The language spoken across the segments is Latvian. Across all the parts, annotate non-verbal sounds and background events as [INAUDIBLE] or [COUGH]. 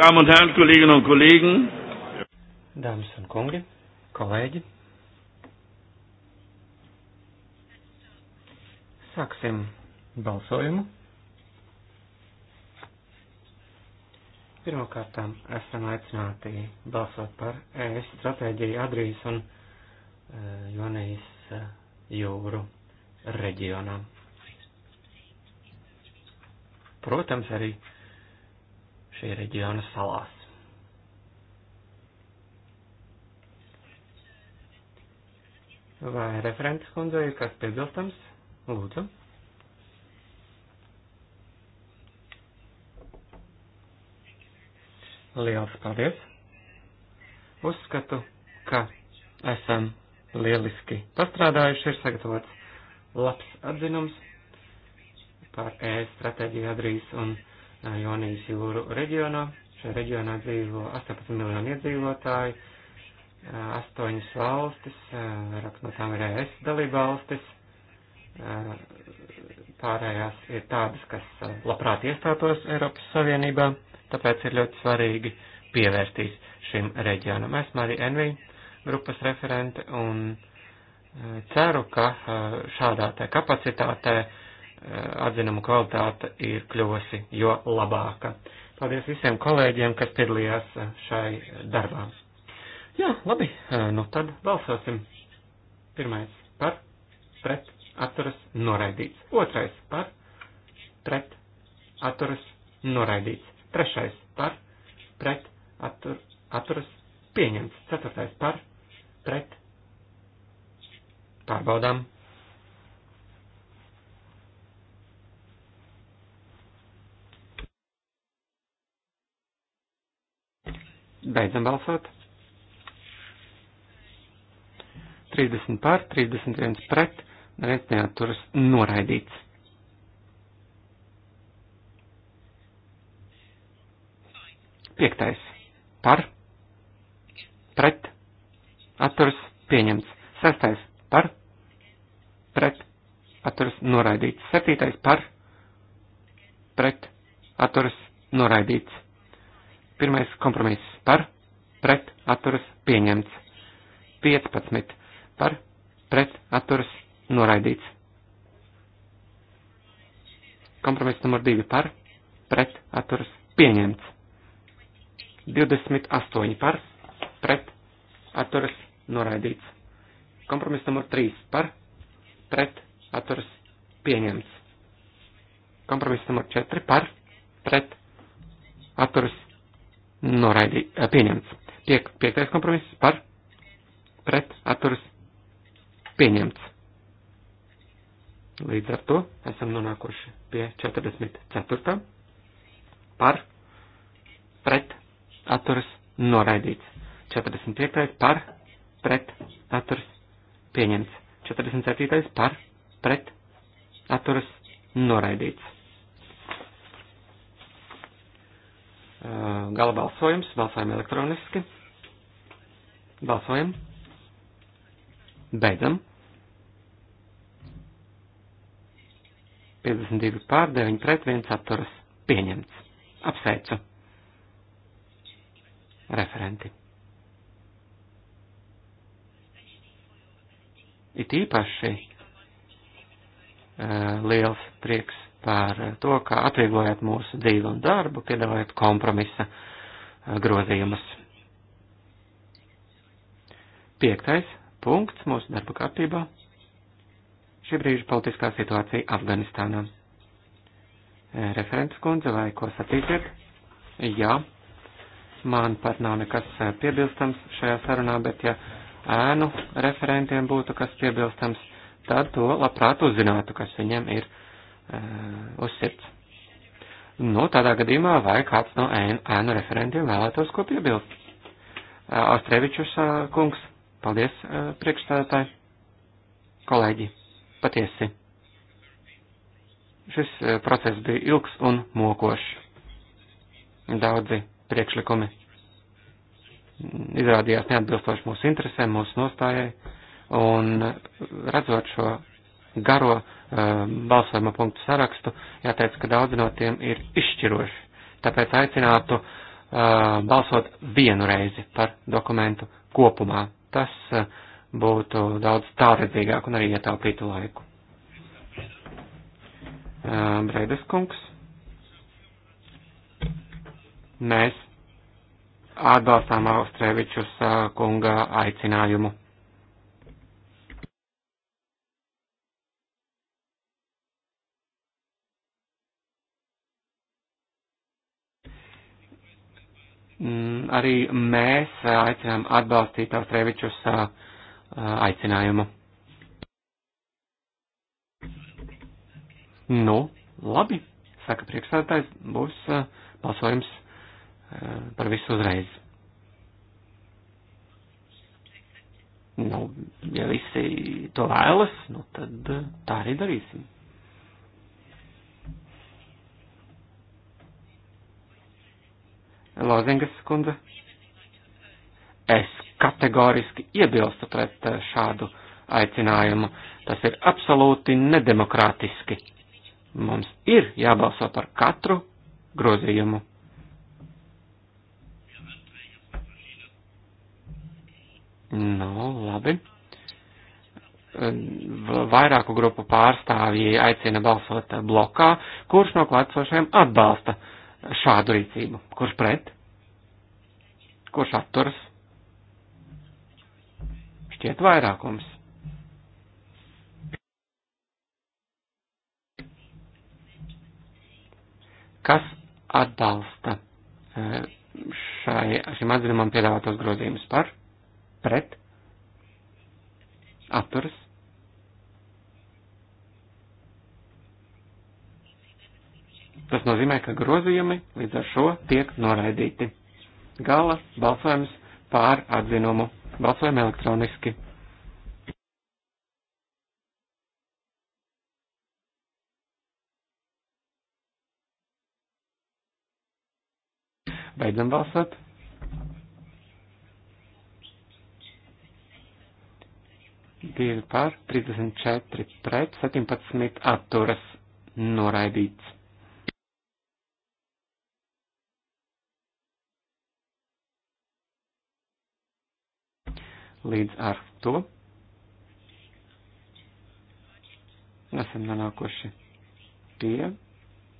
Damen und Herren, Kolleginnen und Kollegen. Dāmas un kungi, kolēģi. Sāksim balsojumu. Pirmkārtām esam aicināti balsot par ES stratēģiju Adrijas un uh, Jonijas uh, jūru reģionām. Protams, arī uh, šī reģiona salās. Vai referents kundzei kas piebilstams? Lūdzu. Liels paldies! Uzskatu, ka esam lieliski pastrādājuši, ir sagatavots labs atzinums par ēst stratēģiju Adrijas un Jonijas jūru reģionā. Šajā reģionā dzīvo 18 miljoni iedzīvotāji, 8 valstis, no tām ir ES dalība valstis, pārējās ir tādas, kas labprāt iestātos Eiropas Savienībā, tāpēc ir ļoti svarīgi pievērsties šim reģionam. Esmu arī NV grupas referente un ceru, ka šādā te kapacitātē atzinumu kvalitāte ir kļuvusi jo labāka. Paldies visiem kolēģiem, kas piedalījās šai darbā. Jā, labi, nu tad balsosim. Pirmais par, pret, atturas, noraidīts. Otrais par, pret, atturas, noraidīts. Trešais par, pret, attur, atturas, pieņemts. Ceturtais par, pret, pārbaudām, Beidzam balsot. 30 pār, 31 pret, neviens neaturas noraidīts. Piektais. Par. Pret. Atturas pieņemts. Sestais. Par. Pret. Atturas noraidīts. Septītais. Par. Pret. Atturas noraidīts. Pirmais kompromiss par, pret, atturas, pieņemts. 15 par, pret, atturas, noraidīts. Kompromiss numur 2 par, pret, atturas, pieņemts. 28 par, pret, atturas, noraidīts. Kompromiss numur 3 par, pret, atturas, pieņemts. Kompromiss numur 4 par, pret, atturas, Noraidī, pieņemts. Piek, piektais kompromiss par pret atturas pieņemts. Līdz ar to esam nonākuši pie 44. par pret atturas noraidīts. 45. par pret atturas pieņemts. 47. par pret atturas noraidīts. Gala balsojums. Balsojam elektroniski. Balsojam. Beidzam. 52 pār 9 pret 1 atturas. Pieņemts. Apsveicu. Referenti. It īpaši uh, liels prieks par to, kā atvieglojat mūsu dzīvi un darbu, piedāvājat kompromisa eh, grozījumus. Piektais punkts mūsu darba kārtībā - šī brīža politiskā situācija Afganistānā. Eh, referents kundze vai ko sacīsiet? Jā, man pat nav nekas eh, piebilstams šajā sarunā, bet ja ēnu referentiem būtu kas piebilstams, tad to labprāt uzzinātu, kas viņiem ir Eh, uz sirds. Nu, tādā gadījumā vai kāds no ēnu referentiem vēlētos ko piebilst? Eh, Austrevičus eh, kungs, paldies priekšstādātāji, kolēģi, patiesi. Šis process bija ilgs un mokošs. Daudzi priekšlikumi izrādījās neatbilstoši mūsu interesēm, mūsu nostājai, un redzot šo garo eh, balsojuma punktu sarakstu, jāteic, ka daudz no tiem ir izšķiroši. Tāpēc aicinātu uh, balsot vienu reizi par dokumentu kopumā. Tas uh, būtu daudz tālredzīgāk un arī ietaupītu laiku. Uh, Breides kungs. Mēs atbalstām Austrēvičus kunga aicinājumu. Mm, arī mēs eh, aicinām atbalstīt Austrevičus eh, eh, aicinājumu. Nu, labi, saka priekšsēdētājs, būs balsojums par visu uzreiz. Nu, ja visi to vēlas, nu tad tā arī darīsim. Lozingas skundze. Es kategoriski iebilstu pret eh, šādu aicinājumu. Tas ir absolūti nedemokrātiski. Mums ir jābalso par katru grozījumu. Nu, labi. Eh, vairāku grupu pārstāvji aicina balsot blokā, kurš no klātsošiem atbalsta uh, šādu rīcību. Kurš pret? Kurš atturas? Šķiet vairākums. Kas atbalsta e, šai, šim atzinumam piedāvātos grozījumus par? Pret? Atturas? Tas nozīmē, ka grozījumi līdz ar šo tiek noraidīti. Gala balsojums pār atzinumu. Balsojam elektroniski. Beidzam balsot. Divi pār, 34 pret, 17 atturas noraidīts. Līdz ar to esam nonākuši pie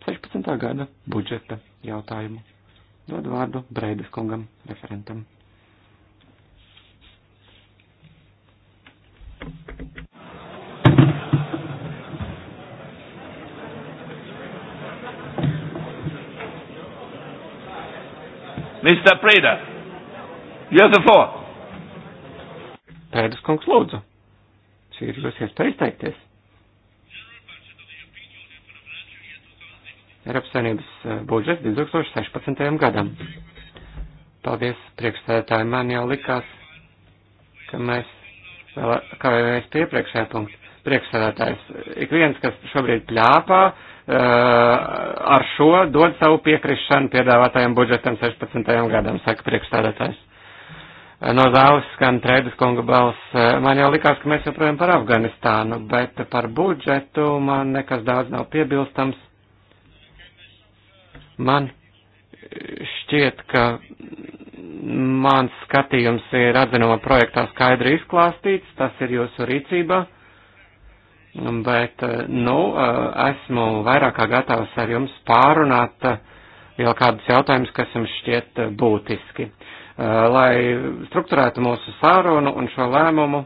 16. gada budžeta jautājumu. Dod vārdu Breides kungam, referentam. Mr. Preda, you have the floor. Pēdas kungs lūdzu. Šī ir jūs iespēja izteikties. Eiropas Savienības eh, budžets 2016. gadam. Paldies priekšstādātāji, man jau likās, ka mēs, vēl, kā jau mēs piepriekšējā punktā, priekšsēdētājs. Ik viens, kas šobrīd pļāpā, eh, ar šo dod savu piekrišanu piedāvātajam budžetam 16. gadam, saka priekšsēdētājs no zāles skan Trēdas kunga balss. Man jau likās, ka mēs joprojām par Afganistānu, bet par budžetu man nekas daudz nav piebilstams. Man šķiet, ka mans skatījums ir atzinuma projektā skaidri izklāstīts, tas ir jūsu rīcībā, bet, nu, esmu vairāk kā gatavs ar jums pārunāt jau kādus jautājumus, kas jums šķiet būtiski. Uh, lai strukturētu mūsu sārunu un šo lēmumu,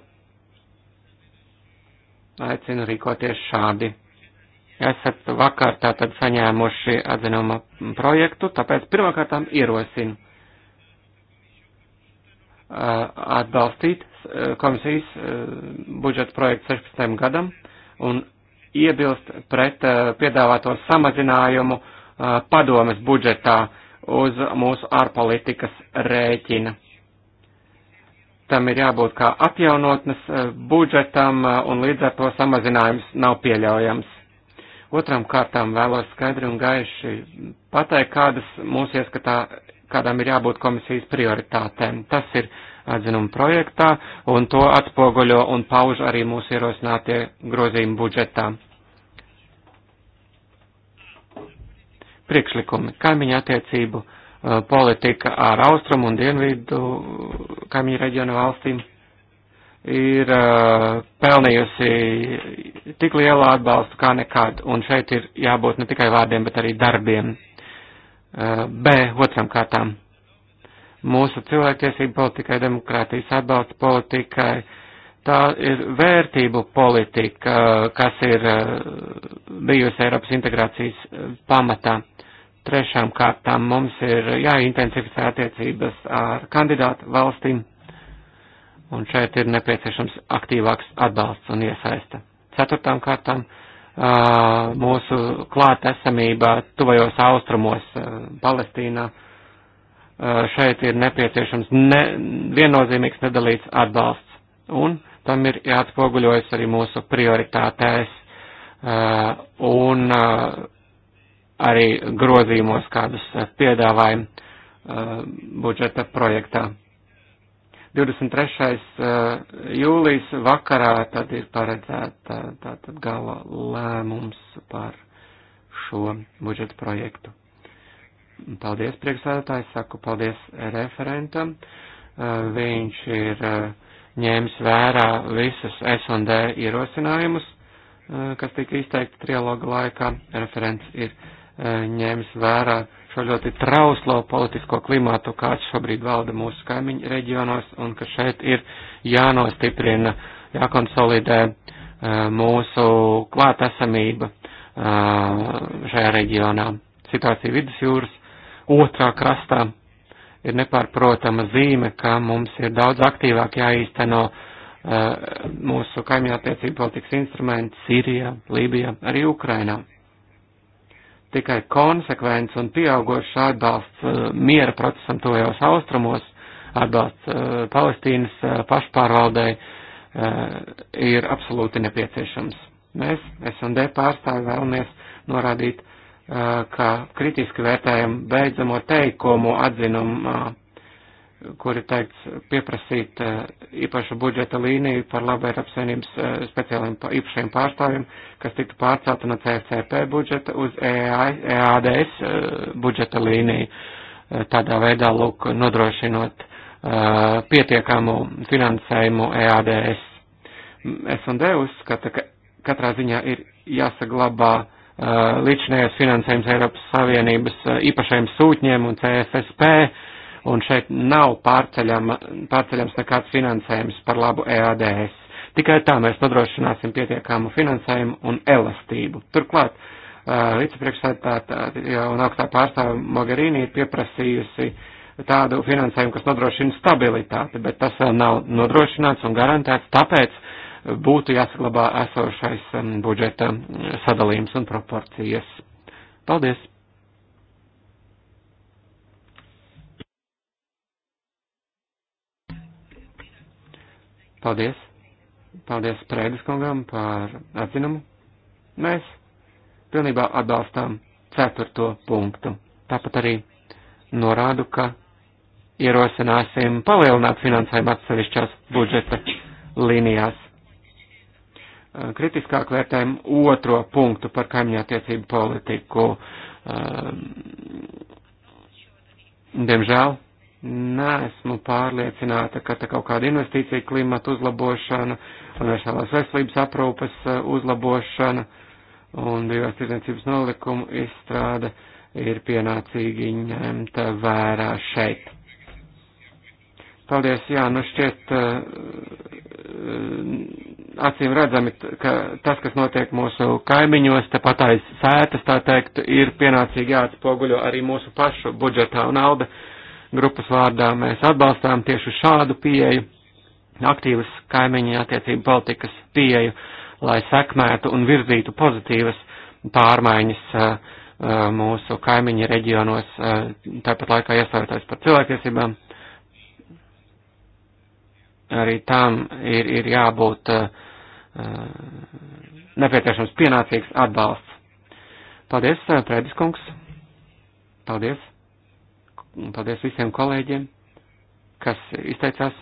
aicinu rīkoties šādi. Esat vakar tātad saņēmuši atzinuma projektu, tāpēc pirmkārtām ierosinu uh, atbalstīt uh, komisijas budžeta projektu 16. gadam un iebilst pret piedāvāto samazinājumu padomes budžetā uz mūsu ārpolitikas rēķina. Tam ir jābūt kā atjaunotnes eh, budžetam eh, un līdz ar to samazinājums nav pieļaujams. Otram kārtām vēlos skaidri un gaiši pateikt, kādas mūsu ieskatā, kādām ir jābūt komisijas prioritātēm. Tas ir atzinuma projektā, un to atspoguļo un pauž arī mūsu ierosinātie grozījumi budžetā. priekšlikumi. Kaimiņa attiecību uh, politika ar austrumu un dienvidu uh, kaimiņu reģionu valstīm ir uh, pelnījusi tik lielu atbalstu kā nekad, un šeit ir jābūt ne tikai vārdiem, bet arī darbiem. B. Otram kārtām. Mūsu cilvēktiesību politikai, demokrātijas atbalsta politikai, tā ir vērtību politika, kas ir bijusi Eiropas integrācijas pamatā. Trešām kārtām mums ir jāintensificē attiecības ar kandidātu valstīm, un šeit ir nepieciešams aktīvāks atbalsts un iesaista. Ceturtām kārtām mūsu klātesamība tuvajos austrumos Palestīnā. Šeit ir nepieciešams ne, viennozīmīgs nedalīts atbalsts, un tam ir jāatspoguļojas arī mūsu prioritātēs un arī grozījumos, kādus eh, piedāvājam eh, budžeta projektā. 23. Eh, jūlijas vakarā tad ir paredzēta tātad gala lēmums par šo budžeta projektu. Paldies priekšsēdētājs, saku paldies referentam. Viņš ir ņēmis vērā visus S&D ierosinājumus, kas tika izteikti trialoga laikā. Referents ir E, ņēmis vērā šo ļoti trauslo politisko klimātu, kāds šobrīd valda mūsu kaimiņu reģionos, un ka šeit ir jānostiprina, jākonsolidē e, mūsu klātesamība e, šajā reģionā. Situācija vidusjūras otrā krastā ir nepārprotama zīme, ka mums ir daudz aktīvāk jāīsteno mūsu kaimiņu attiecību politikas instrumenti Sīrijā, Lībijā, arī Ukrainā. Tikai konsekvents un pieaugošs atbalsts eh, miera procesam tojos austrumos, atbalsts eh, Palestīnas eh, pašpārvaldei ir absolūti nepieciešams. Mēs, SD pārstāvi, vēlamies norādīt, ka kritiski vērtējam beidzamo teikumu atzinumu kur ir teikts pieprasīt eh, īpašu budžeta līniju par labu Eiropas Savienības eh, speciāliem īpašiem pārstāvjiem, kas tiktu pārcelta no CFCP budžeta uz EADS e eh, budžeta līniju, tādā veidā, lūk, nodrošinot pietiekamu finansējumu EADS. S&D uzskata, ka katrā ziņā ir jāsaglabā līdzinājās finansējums Eiropas Savienības īpašajiem sūtņiem un CFSP, uh, un šeit nav pārceļams nekāds finansējums par labu EADS. Tikai tā mēs nodrošināsim pietiekamu finansējumu un elastību. Turklāt, uh, vicepriekšsēdētāja un augstā pārstāve Mogherini ir pieprasījusi tādu finansējumu, kas nodrošina stabilitāti, bet tas vēl nav nodrošināts un garantēts, tāpēc būtu jāsaglabā esošais budžeta sadalījums un proporcijas. Paldies! Paldies! Paldies Prēdis kungam par atzinumu. Mēs pilnībā atbalstām ceturto punktu. Tāpat arī norādu, ka ierosināsim palielināt finansējumu atsevišķās budžeta līnijās. Eh, kritiskāk vērtējam otro punktu par kaimiņattiecību politiku. Eh, diemžēl neesmu pārliecināta, ka tā kaut kāda investīcija klimata uzlabošana, universālās veselības aprūpes eh, uzlabošana un brīvās tirdzniecības nolikumu izstrāde ir pienācīgi ņemta vērā šeit. Paldies, jā, nu šķiet eh, acīm redzami, ka tas, kas notiek mūsu kaimiņos, tepat aiz sētas, tā teikt, ir pienācīgi jāatspoguļo arī mūsu pašu budžetā un alde. Uh, grupas vārdā mēs atbalstām tieši šādu pieeju, aktīvas kaimiņa attiecību politikas pieeju, lai sekmētu un virzītu pozitīvas pārmaiņas uh, uh, mūsu kaimiņa reģionos, uh, tāpat laikā iestājoties par cilvēktiesībām. Arī tam ir, ir jābūt nepieciešams pienācīgs atbalsts. Paldies, Prēdis kungs. Paldies un paldies visiem kolēģiem, kas izteicās.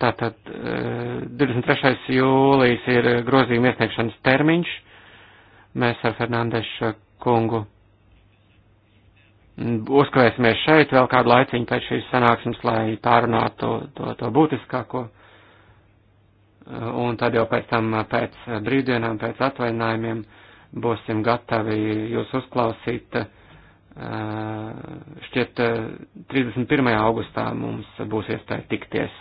Tātad 23. E, jūlijas ir grozījuma iesniegšanas termiņš. Mēs ar Fernandešu kungu uzkavēsimies šeit vēl kādu laiciņu pēc šīs sanāksmes, lai pārunātu to, to, to būtiskāko. Un tad jau pēc tam, pēc brīvdienām, pēc atvaļinājumiem būsim gatavi jūs uzklausīt. Uh, Eh, šķiet 31. Eh, augustā mums būs iespēja tikties.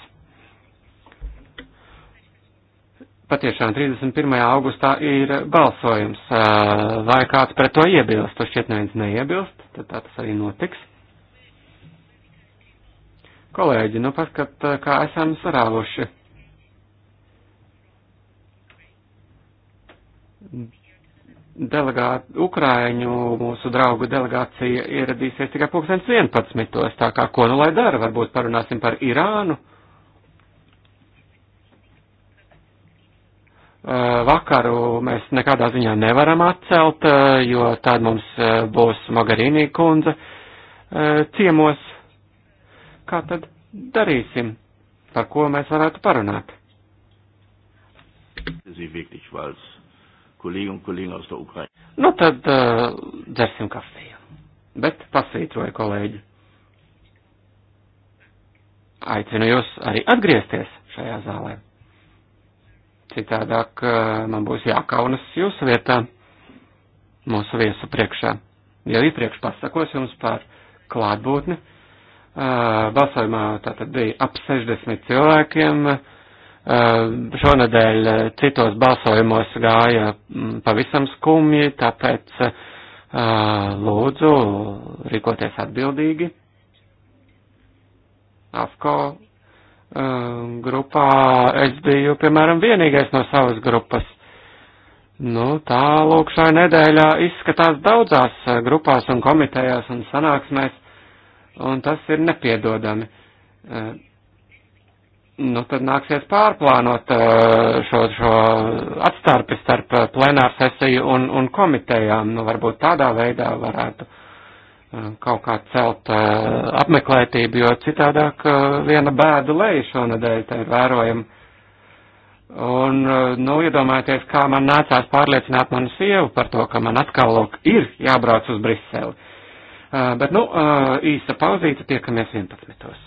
Patiešām 31. augustā ir balsojums, eh, vai kāds pret to iebilst, to šķiet neviens neiebilst, tad tā tas arī notiks. Kolēģi, nu paskat, kā esam sarāvuši delegāt, Ukraiņu mūsu draugu delegācija ieradīsies tikai pulkstens 11. Tā kā ko nu lai dara, varbūt parunāsim par Irānu. Eh, vakaru mēs nekādā ziņā nevaram atcelt, eh, jo tad mums eh, būs Magarīnī kundze ciemos. Kā tad darīsim? Par ko mēs varētu parunāt? Sie wirklich, weil es Kolēģi un kolēģi aus der Ukraina. Nu tad uh, dzersim kafiju. Bet pasvītroju kolēģi. Aicinu jūs arī atgriezties šajā zālē. Citādāk uh, man būs jākaunas jūsu vietā mūsu viesu priekšā. Jau iepriekš pasakos jums par klātbūtni. Uh, balsojumā tātad bija ap 60 cilvēkiem. Uh, Eh, šonadēļ eh, citos balsojumos gāja mm, pavisam skumji, tāpēc eh, lūdzu rīkoties atbildīgi. AFCO grupā es biju, piemēram, vienīgais no savas grupas. Nu, tā lūk šai nedēļā izskatās daudzās grupās un komitejās un sanāksmēs, un tas ir nepiedodami. Uh, nu tad nāksies pārplānot uh, šo, šo atstarpi starp uh, plenāru sesiju un, un komitejām. Nu, varbūt tādā veidā varētu uh, kaut kā celt apmeklētību, jo citādāk viena bēda leja šonadēļ, tā ir vērojama. Un, nu, iedomājieties, kā man nācās pārliecināt manu sievu par to, ka man atkal lūk ir jābrauc uz Briseli. Bet, nu, īsa pauzīte, tiekamies 11.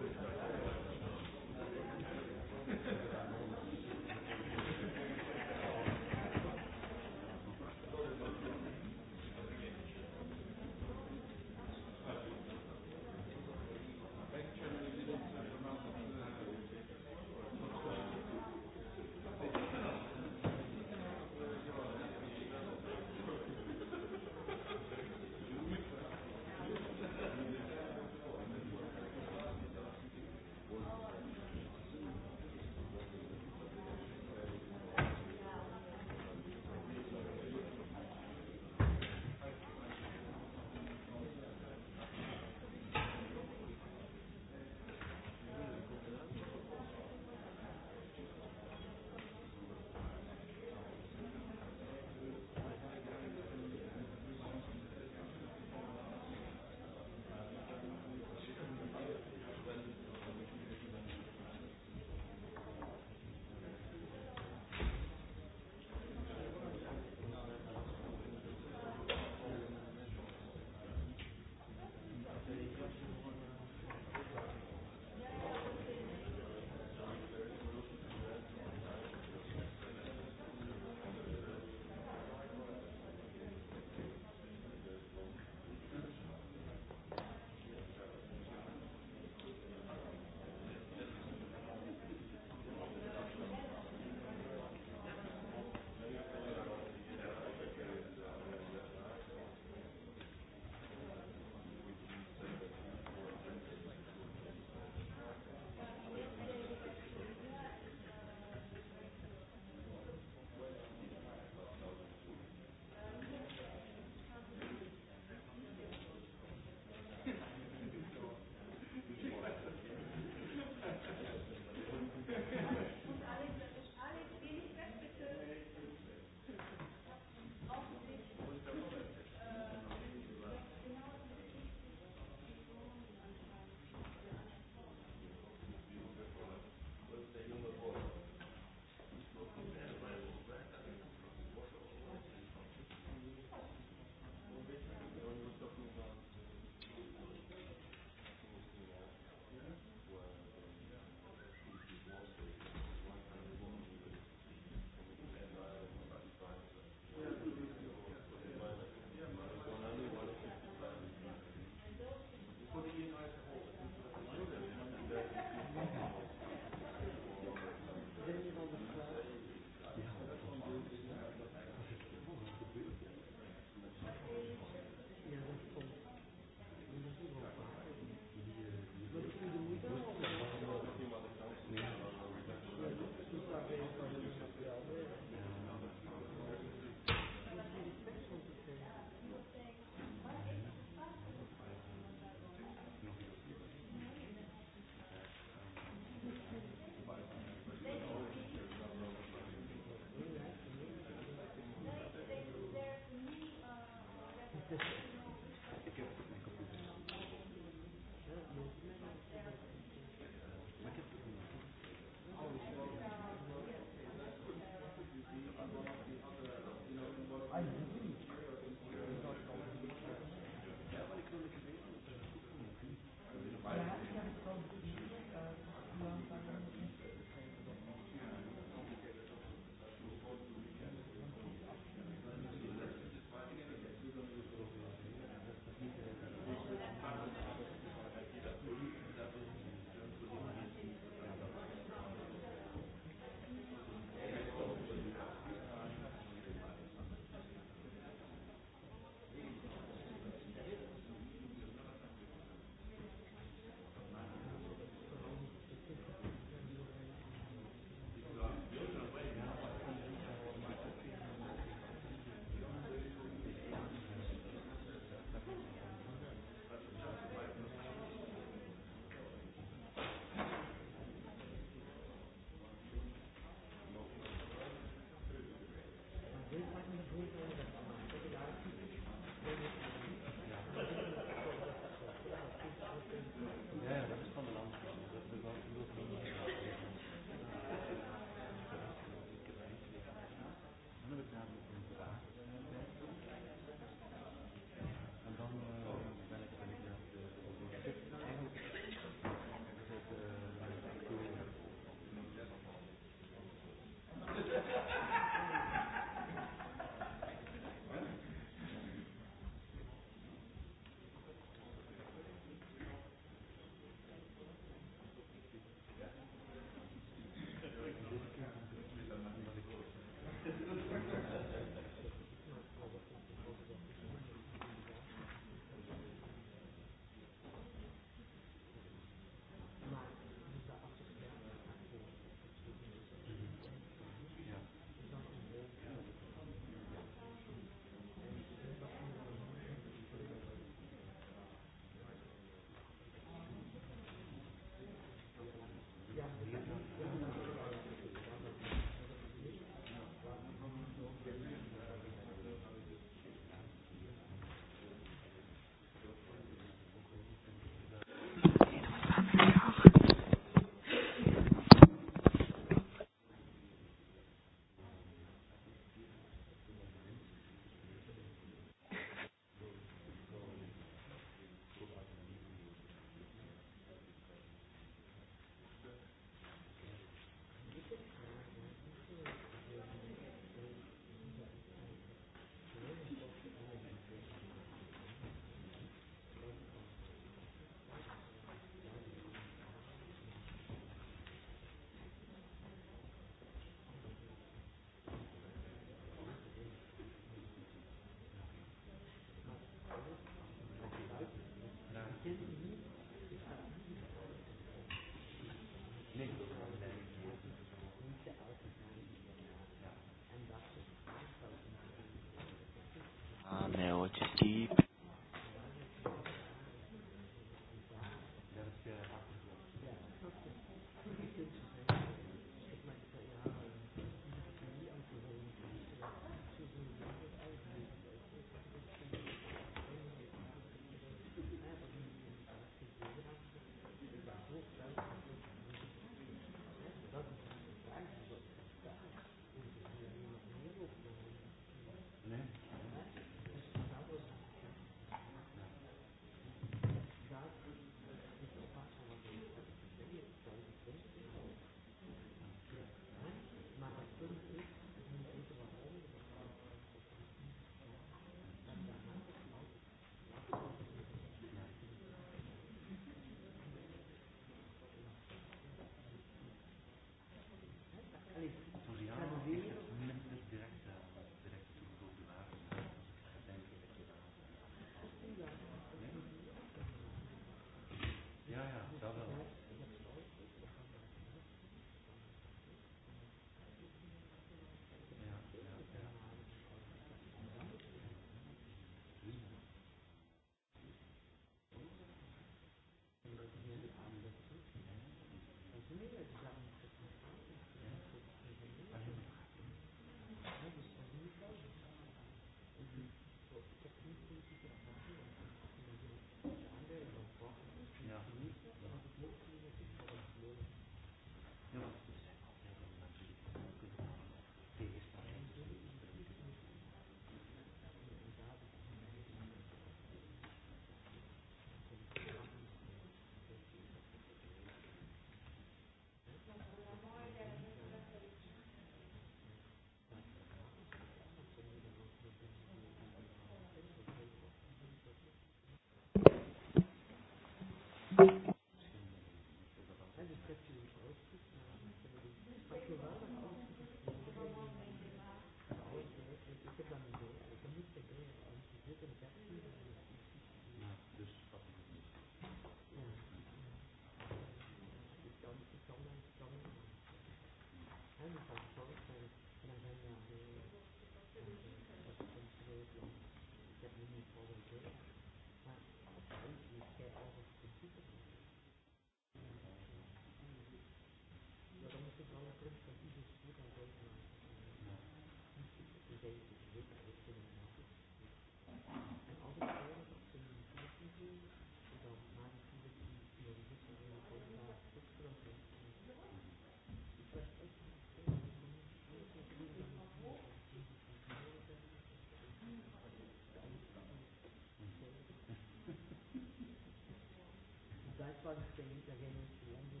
basicamente a gente anda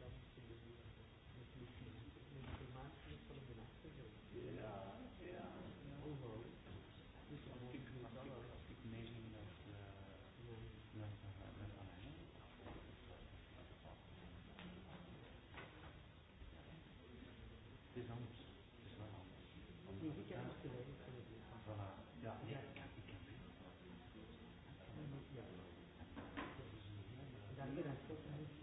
da possibilidad de que el tema es por lo menos yeah yeah overall this one is the optic naming of the Des hommes, des hommes. Voilà. Yeah. yeah.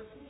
Thank you.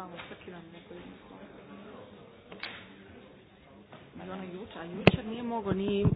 vamos prekinemo koliko. I on jučer, a jučer nije mogao, ni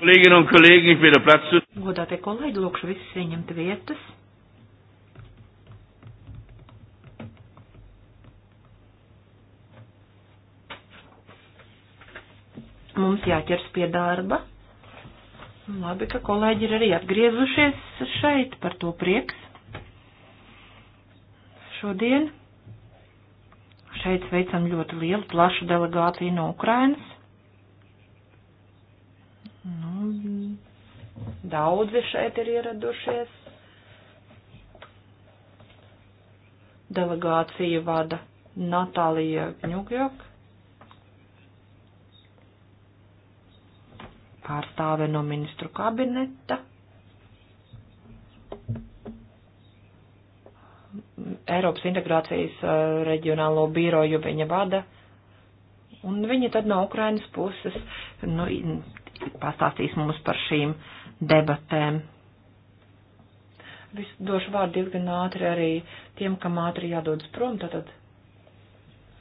Kolleginnen un Kollegen, ich bitte Platz zu. Godātie kolēģi, lūkšu visus ieņemt vietas. Mums jāķers pie darba. Labi, ka kolēģi ir arī atgriezušies šeit, par to prieks. Šodien šeit veicam ļoti lielu, plašu delegāciju no Ukrainas Daudzi šeit ir ieradušies. Delegāciju vada Natālija Ņukjok. Pārstāve no ministru kabineta. Eiropas integrācijas uh, reģionālo biroju viņa vada. Un viņa tad no Ukrainas puses nu, pastāstīs mums par šīm uh, debatēm. Visu došu vārdu diezgan ātri arī tiem, kam ātri jādodas prom, tātad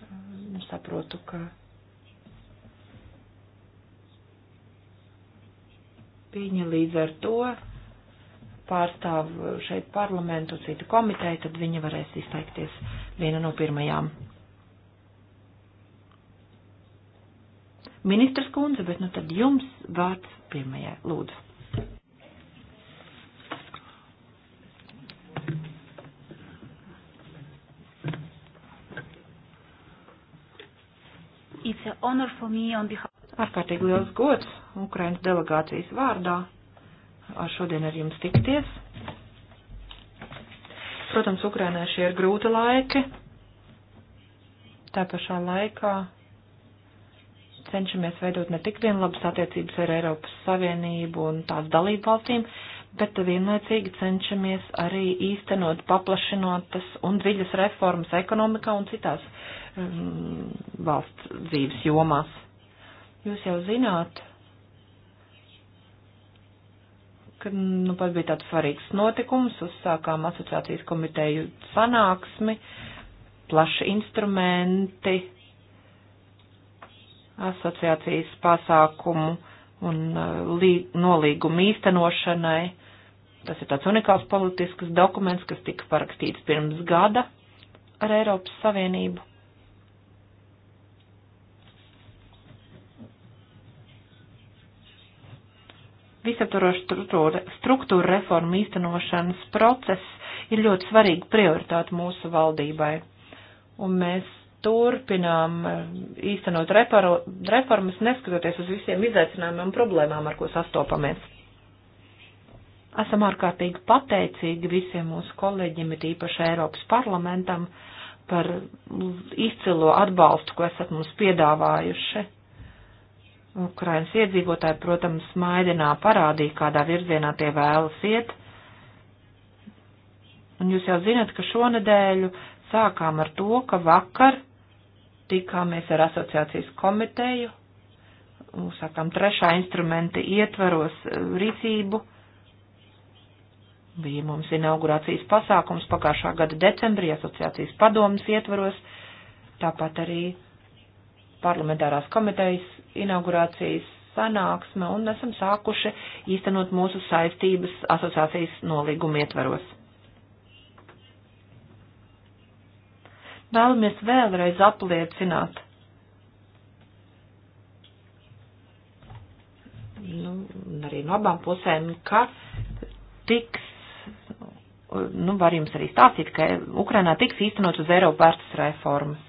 mm, saprotu, ka viņi līdz ar to pārstāv šeit parlamentu, citu komiteju, tad viņa varēs izteikties viena no pirmajām. Ministrs kundze, bet nu tad jums vārds pirmajai, lūdzu. honor for me on behalf. Ārkārtīgi liels gods Ukrainas delegācijas vārdā ar šodien ar jums tikties. Protams, Ukrainai šie ir grūti laiki. Tā pašā laikā cenšamies veidot ne tik vien labas attiecības ar Eiropas Savienību un tās dalību valstīm, bet vienlaicīgi cenšamies arī īstenot paplašinotas un dziļas reformas ekonomikā un citās um, valsts dzīves jomās. Jūs jau zināt, ka nu, pat bija tāds svarīgs notikums, uzsākām asociācijas komiteju sanāksmi, plaši instrumenti, asociācijas pasākumu un uh, lī, nolīgumu īstenošanai Tas ir tāds unikāls politisks dokuments, kas tika parakstīts pirms gada ar Eiropas Savienību. Visaptvaroša struktūra reforma īstenošanas process ir ļoti svarīga prioritāte mūsu valdībai. Un mēs turpinām eh, īstenot reparo, reformas, neskatoties uz visiem izaicinājumiem un problēmām, ar ko sastopamies. Esam ārkārtīgi pateicīgi visiem mūsu kolēģiem, it īpaši Eiropas parlamentam, par izcilo atbalstu, ko esat mums piedāvājuši. Ukrainas iedzīvotāji, protams, maidinā parādīja, kādā virzienā tie vēlas iet. Un jūs jau zinat, ka šonadēļu sākām ar to, ka vakar tikāmies ar asociācijas komiteju, sākām trešā instrumenta ietvaros eh, rīcību Bija mums inaugurācijas pasākums pagājušā gada decembrī asociācijas padomas ietvaros, tāpat arī parlamentārās komitejas inaugurācijas sanāksme un esam sākuši īstenot mūsu saistības asociācijas nolīguma ietvaros. Vēlamies vēlreiz apliecināt, nu, arī no abām pusēm, ka tiks nu, var jums arī stāstīt, ka Ukrainā tiks īstenot uz Eiropu vērstas reformas.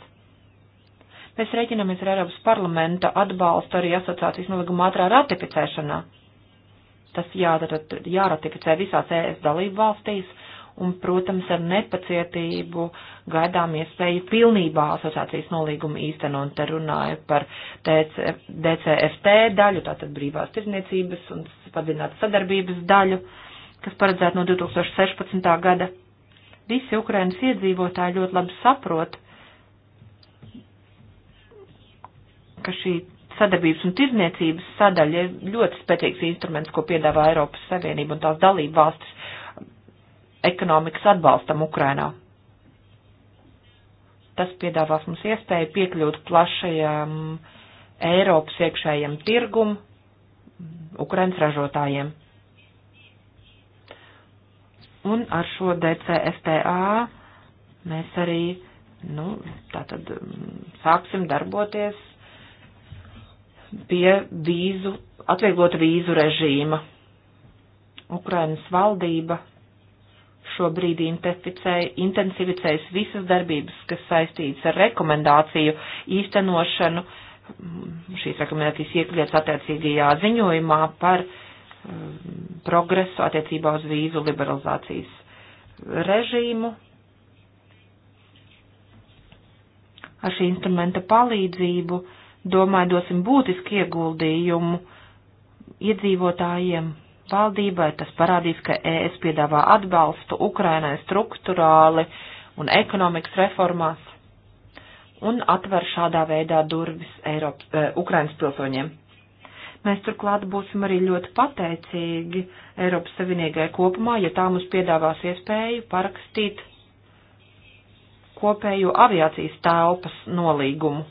Mēs reiķinamies ar Eiropas parlamenta atbalstu arī asociācijas nolīguma ātrā ratificēšanā. Tas jāratificē visās ES dalību valstīs, un, protams, ar nepacietību gaidām iespēju pilnībā asociācijas nolīgumu īstenot. Te runāju par TC, DCFT daļu, tātad brīvās tirzniecības un padziļinātas sadarbības daļu. Uh, kas paredzēta no 2016. gada. Visi Ukrainas iedzīvotāji ļoti labi saprot, ka šī sadarbības un tirzniecības sadaļa ir ļoti spēcīgs instruments, ko piedāvā Eiropas Savienība un tās dalība valstis ekonomikas atbalstam Ukrainā. Tas piedāvās mums iespēju piekļūt plašajam Eiropas iekšējam tirgum Ukrainas ražotājiem. Un ar šo DCFTA mēs arī, nu, tātad mm, sāksim darboties pie vīzu, atvieglot vīzu režīma. Ukrainas valdība šobrīd intensificējas visas darbības, kas saistītas ar rekomendāciju īstenošanu. Mm, šīs rekomendācijas iekļauts attiecīgajā ziņojumā par uh, Um, progresu attiecībā uz vīzu liberalizācijas režīmu. Ar šī instrumenta palīdzību, domāju, dosim būtisku ieguldījumu iedzīvotājiem, valdībai. Tas parādīs, ka ES piedāvā atbalstu Ukrainai struktūrāli un ekonomikas reformās un atver šādā veidā durvis Eiropas, eh, Ukrainas pilsoņiem. Mēs turklāt būsim arī ļoti pateicīgi Eiropas Savienībai kopumā, ja tā mums piedāvās iespēju parakstīt kopējo aviācijas telpas nolīgumu.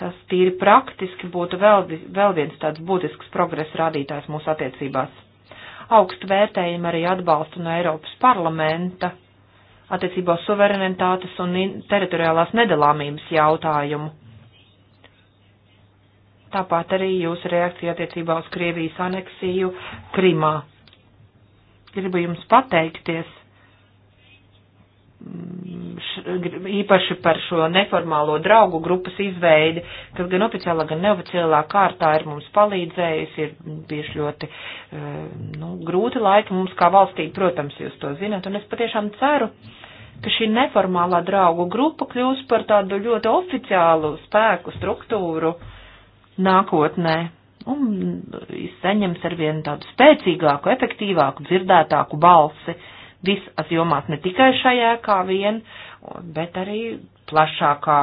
Tas tīri praktiski būtu vēl, vēl viens tāds būtisks progresa rādītājs mūsu attiecībās. Augstu vērtējumu arī atbalstu no Eiropas parlamenta attiecībā suverenitātes un teritoriālās nedalāmības jautājumu Tāpat arī jūsu reakcija attiecībā uz Krievijas aneksiju Krimā. Gribu jums pateikties mm, īpaši par šo neformālo draugu grupas izveidi, kas gan oficiālā, gan neoficiālā kārtā ir mums palīdzējusi, ir bijuši ļoti eh, nu, grūti laiki mums kā valstī, protams, jūs to zinat, un es patiešām ceru, ka šī neformālā draugu grupa kļūs par tādu ļoti oficiālu spēku struktūru, uh, nākotnē un saņems arvien tādu spēcīgāku, efektīvāku, dzirdētāku balsi visās jomās, ne tikai šajā kā vien, bet arī plašākā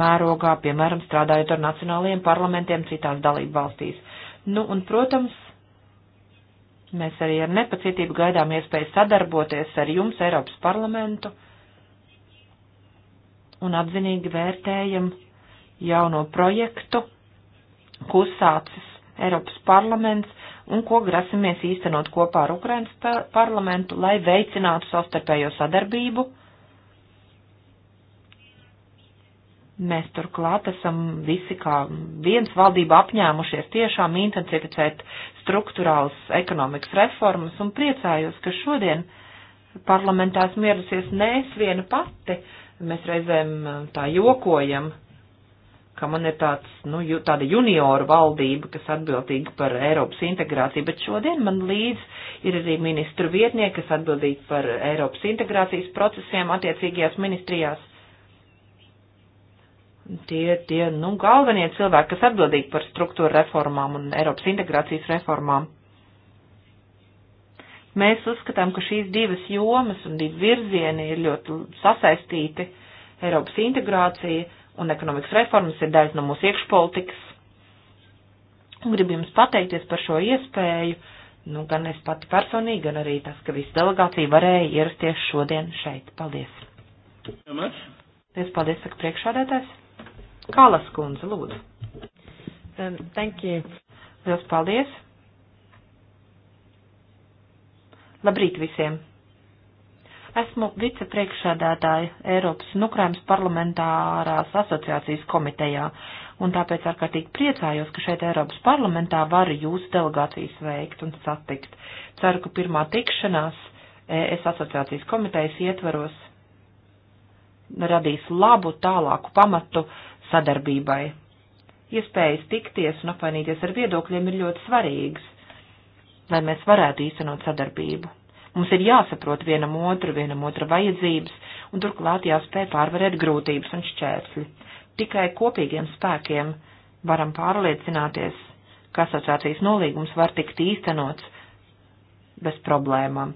mērogā, piemēram, strādājot ar nacionālajiem parlamentiem citās dalību valstīs. Nu, un, protams, mēs arī ar nepacietību gaidām iespēju sadarboties ar jums, Eiropas parlamentu, un atzinīgi vērtējam jauno projektu ko uzsācis Eiropas parlaments un ko grasamies īstenot kopā ar Ukrainas parlamentu, lai veicinātu savstarpējo sadarbību. Mēs turklāt esam visi kā viens valdība apņēmušies tiešām intensificēt struktūrāls ekonomikas reformas un priecājos, ka šodien parlamentā esmu ieradusies ne es viena pati, mēs reizēm eh, tā jokojam, ka man ir tāds, nu, tāda junioru valdība, kas atbildīga par Eiropas integrāciju, bet šodien man līdz ir arī ministru vietnieki, kas atbildīgi par Eiropas integrācijas procesiem attiecīgajās ministrijās. Tie, tie, nu, galvenie cilvēki, kas atbildīgi par struktūra reformām un Eiropas integrācijas reformām. Mēs uzskatām, ka šīs divas jomas un divi virzieni ir ļoti sasaistīti. Eiropas integrācija un ekonomikas reformas ir daļa no mūsu iekšpolitikas. Un gribu jums pateikties par šo iespēju, nu, gan es pati personīgi, gan arī tas, ka visa delegācija varēja ierasties šodien šeit. Paldies! Paldies, paldies, saka priekšādētājs. Kalas kundze, lūdzu. Um, thank you. Liels paldies. Labrīt visiem! Esmu vicepriekšsēdētāja Eiropas un Ukrainas parlamentārās asociācijas komitejā, un tāpēc ārkārtīgi priecājos, ka šeit Eiropas parlamentā varu jūsu delegācijas veikt un satikt. Ceru, ka pirmā tikšanās ES asociācijas komitejas ietveros radīs labu tālāku pamatu sadarbībai. Iespējas tikties un apvainīties ar viedokļiem ir ļoti svarīgas, lai mēs varētu īstenot sadarbību Mums ir jāsaprot vienam otru, vienam otra vajadzības, un turklāt jāspēj pārvarēt grūtības un šķērsli. Tikai kopīgiem spēkiem varam pārliecināties, ka asociācijas nolīgums var tikt īstenots bez problēmām.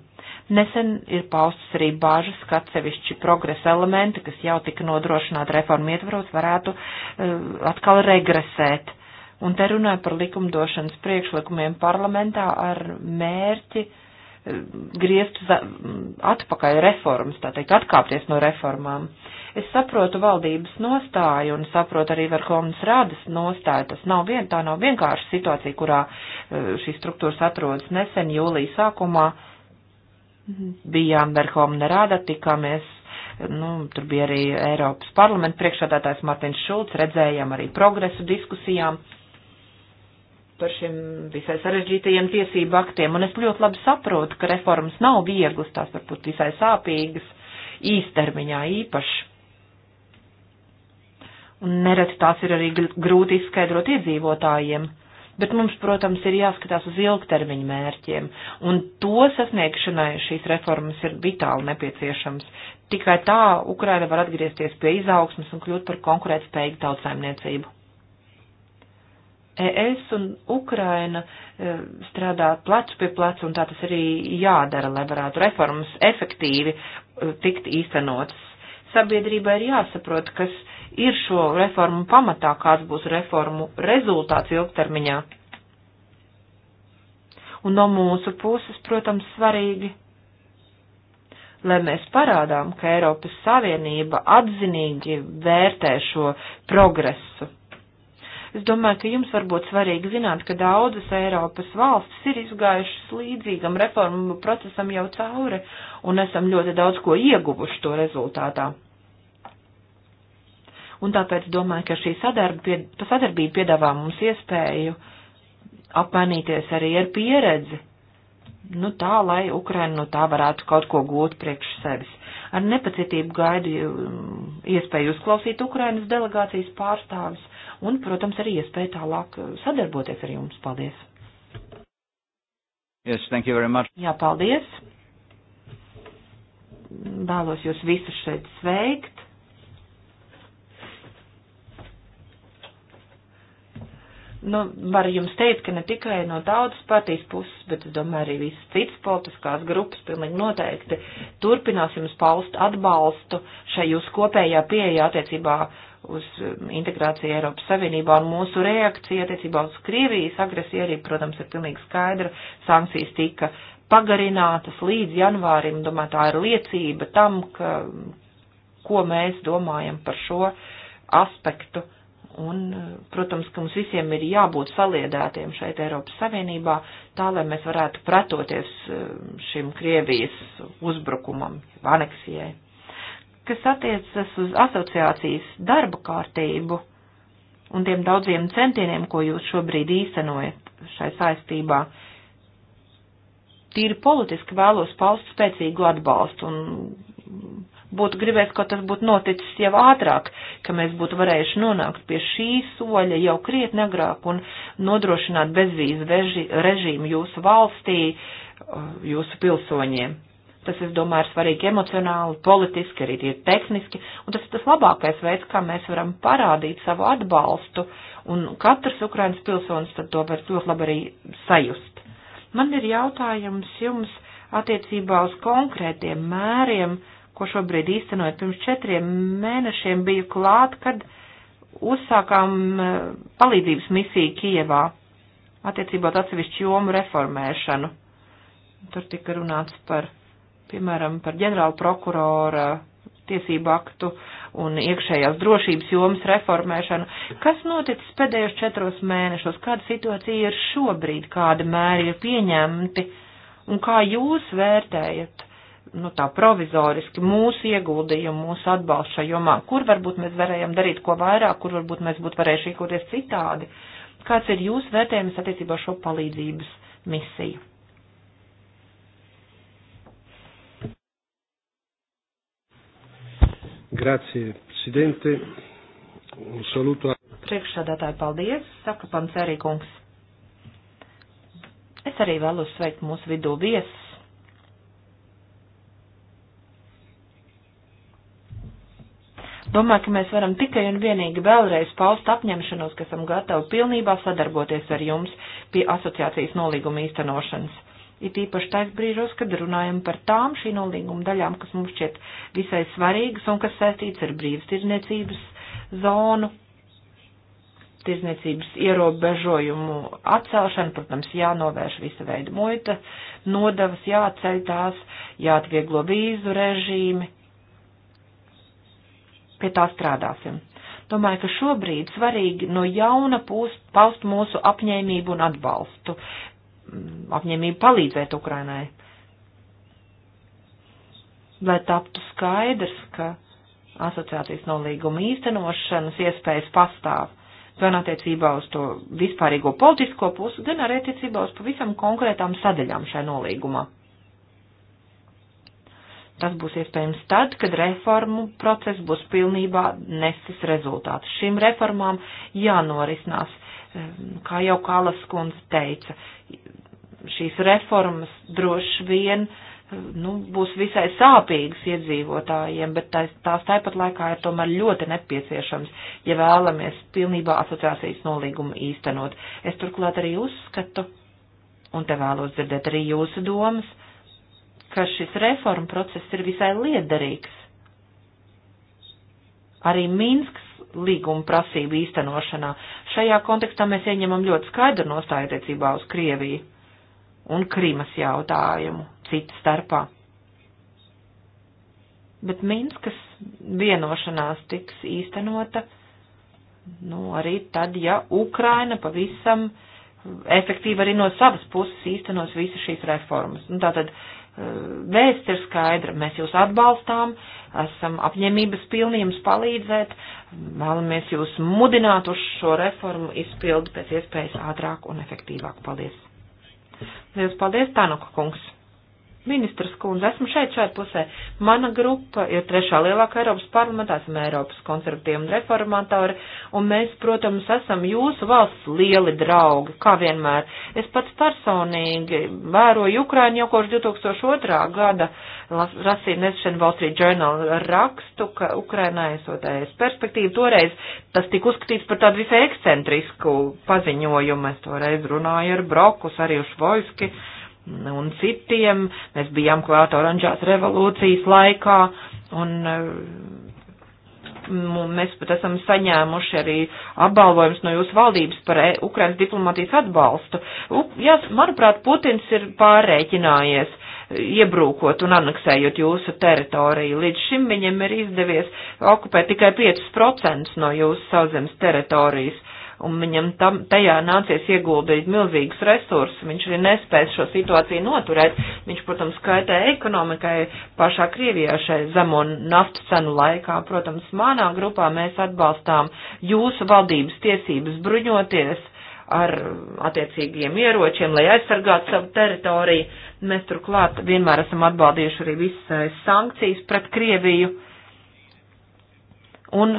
Nesen ir paustas arī bāžas, ka atsevišķi progresa elementi, kas jau tika nodrošināti reformu ietvaros, varētu uh, atkal regresēt. Un te runāju par likumdošanas priekšlikumiem parlamentā ar mērķi uh, griezt atpakaļ reformas, tā teikt, atkāpties no reformām. Es saprotu valdības nostāju un saprotu arī Verhovnas rādas nostāju. Tas nav vien, tā nav vienkārši situācija, kurā e, šīs struktūras atrodas nesen jūlija sākumā. Bijām Verhovna rāda, tikāmies e, nu, tur bija arī Eiropas parlamenta priekšādātājs Martins Šulcs, redzējām arī progresu diskusijām par šiem visai sarežģītajiem tiesību aktiem, un es ļoti labi saprotu, ka reformas nav vieglas, tās varbūt visai sāpīgas, īstermiņā īpaši. Un nereti tās ir arī grūti izskaidrot iedzīvotājiem bet mums, protams, ir jāskatās uz ilgtermiņu mērķiem, un to sasniegšanai šīs reformas ir vitāli nepieciešams. Tikai tā Ukraina var atgriezties pie izaugsmas un kļūt par konkurētspējīgu tautsaimniecību. ES un Ukraina e, strādā plecu pie plecu, un tā tas arī jādara, lai varētu reformas efektīvi e, tikt īstenotas. Sabiedrībai ir jāsaprot, kas ir šo reformu pamatā, kāds būs reformu rezultāts ilgtermiņā. Un no mūsu puses, protams, svarīgi, lai mēs parādām, ka Eiropas Savienība atzinīgi vērtē šo progresu Es domāju, ka jums varbūt svarīgi zināt, ka daudzas Eiropas valstis ir izgājušas līdzīgam reformu procesam jau cauri un esam ļoti daudz ko ieguvuši to rezultātā. Un tāpēc domāju, ka šī sadarbība, sadarbība piedāvā mums iespēju apmainīties arī ar pieredzi, nu tā, lai Ukraina no tā varētu kaut ko gūt priekš sevis. Ar nepacietību gaidu um, iespēju uzklausīt Ukrainas delegācijas pārstāvis un, protams, arī iespēja tālāk eh, sadarboties ar jums. Paldies! Yes, thank you very much. Jā, paldies! Vēlos jūs visus šeit sveikt. nu, var jums teikt, ka ne tikai no tautas partijas puses, bet es domāju arī visas citas politiskās grupas pilnīgi noteikti turpinās jums paust atbalstu šai jūsu kopējā pieeja attiecībā uz um, integrāciju Eiropas Savienībā un mūsu reakcija attiecībā uz Krievijas agresiju arī, protams, ir pilnīgi skaidra. Sankcijas tika pagarinātas līdz janvārim, domāju, tā ir liecība tam, ka, ko mēs domājam par šo aspektu. Un, protams, ka mums visiem ir jābūt saliedētiem šeit Eiropas Savienībā, tā lai mēs varētu pretoties um, šim Krievijas uzbrukumam, aneksijai kas attiecas uz asociācijas darba kārtību un tiem daudziem centieniem, ko jūs šobrīd īstenojat šai saistībā, tīri politiski vēlos paust spēcīgu atbalstu un būtu gribējis, ka tas būtu noticis jau ātrāk, ka mēs būtu varējuši nonākt pie šī soļa jau krietni agrāk un nodrošināt bezvīzu režīmu jūsu valstī, uh, jūsu pilsoņiem. Tas, es domāju, ir svarīgi emocionāli, politiski, arī tie tehniski, un tas ir tas labākais veids, kā mēs varam parādīt savu atbalstu, un katrs Ukrainas pilsonis tad to var ļoti labi arī sajust. Man ir jautājums jums attiecībā uz konkrētiem mēriem, ko šobrīd īstenojat. Pirms četriem mēnešiem biju klāt, kad uzsākām eh, palīdzības misiju Kievā attiecībā uz atsevišķu jomu reformēšanu. Tur tika runāts par piemēram, par ģenerāla prokurora tiesību aktu un iekšējās drošības jomas reformēšanu. Kas noticis pēdējos četros mēnešos? Kāda situācija ir šobrīd? Kāda mēri ir pieņemti? Un kā jūs vērtējat, nu tā provizoriski, mūsu ieguldījumu, mūsu atbalstu šajā jomā? Kur varbūt mēs varējām darīt ko vairāk, kur varbūt mēs būtu varējuši rīkoties citādi? Kāds ir jūsu vērtējums attiecībā šo palīdzības misiju? Grazie, Presidente. Un saluto. Priekšsādātāji, paldies, saka Pancēri kungs. Es arī vēlos sveikt mūsu vidū viesus. Domāju, ka mēs varam tikai un vienīgi vēlreiz paust apņemšanos, ka esam gatavi pilnībā sadarboties ar jums pie asociācijas nolīguma īstenošanas. It īpaši tais brīžos, kad runājam par tām šī nolīguma daļām, kas mums šķiet visai svarīgas un kas saistīts ar brīvas tirzniecības zonu, tirzniecības ierobežojumu atcelšanu, protams, jānovērš visa veida muita, nodavas jāatceļ tās, jāatvieglo vīzu režīmi. Pie tā strādāsim. Domāju, ka šobrīd svarīgi no jauna pūst, paust mūsu apņēmību un atbalstu apņēmību palīdzēt Ukrainai. Lai taptu skaidrs, ka asociācijas nolīguma īstenošanas iespējas pastāv gan attiecībā uz to vispārīgo politisko pusi, gan arī attiecībā uz pavisam konkrētām sadaļām šai nolīgumā. Tas būs iespējams tad, kad reformu process būs pilnībā nesis rezultāts. Šīm reformām jānorisinās, eh, kā jau Kālas kundze teica, šīs reformas droši vien nu, būs visai sāpīgas iedzīvotājiem, bet tās, tās tāpat laikā ir tomēr ļoti nepieciešams, ja vēlamies pilnībā asociācijas nolīgumu īstenot. Es turklāt arī uzskatu, un te vēlos dzirdēt arī jūsu domas, ka šis reforma process ir visai liederīgs. Arī Minskas līguma prasību īstenošanā. Šajā kontekstā mēs ieņemam ļoti skaidru nostāju attiecībā uz Krieviju un Krimas jautājumu citu starpā. Bet Minskas vienošanās tiks īstenota, nu, arī tad, ja Ukraina pavisam efektīvi arī no savas puses īstenos visas šīs reformas. Nu, tātad eh, vēsts ir skaidra, mēs jūs atbalstām, esam apņemības pilnījums palīdzēt, vēlamies jūs mudināt uz šo reformu izpildu pēc iespējas ātrāk un efektīvāk. Paldies! Lielas paldies, Tanuka kungs! Ministras kundze, esmu šeit, šai pusē. Mana grupa ir trešā lielākā Eiropas parlamentā, esam Eiropas konservatīvi un reformatori, un mēs, protams, esam jūsu valsts lieli draugi, kā vienmēr. Es pats personīgi vēroju Ukrainu jau kopš 2002. gada, rasīju nesen Wall Street Journal rakstu, ka Ukrainā esotējas perspektīva toreiz, tas tika uzskatīts par tādu visai ekscentrisku paziņojumu, es toreiz runāju ar Brokus, arī uz Švojski un citiem. Mēs bijām klāt oranžās revolūcijas laikā un eh, mēs pat esam saņēmuši arī apbalvojums no jūsu valdības par e Ukrainas diplomātijas atbalstu. U, jā, manuprāt, Putins ir pārreķinājies eh, iebrūkot un aneksējot jūsu teritoriju. Līdz šim viņam ir izdevies okupēt tikai 5% no jūsu sauszemes teritorijas un viņam tam, tajā nācies ieguldīt milzīgus resursus, viņš arī nespēs šo situāciju noturēt, viņš, protams, kaitē ekonomikai pašā Krievijā šai zemo naftu cenu laikā, protams, manā grupā mēs atbalstām jūsu valdības tiesības bruņoties ar attiecīgiem ieročiem, lai aizsargātu savu teritoriju. Mēs turklāt vienmēr esam atbaldījuši arī visas sankcijas pret Krieviju. Un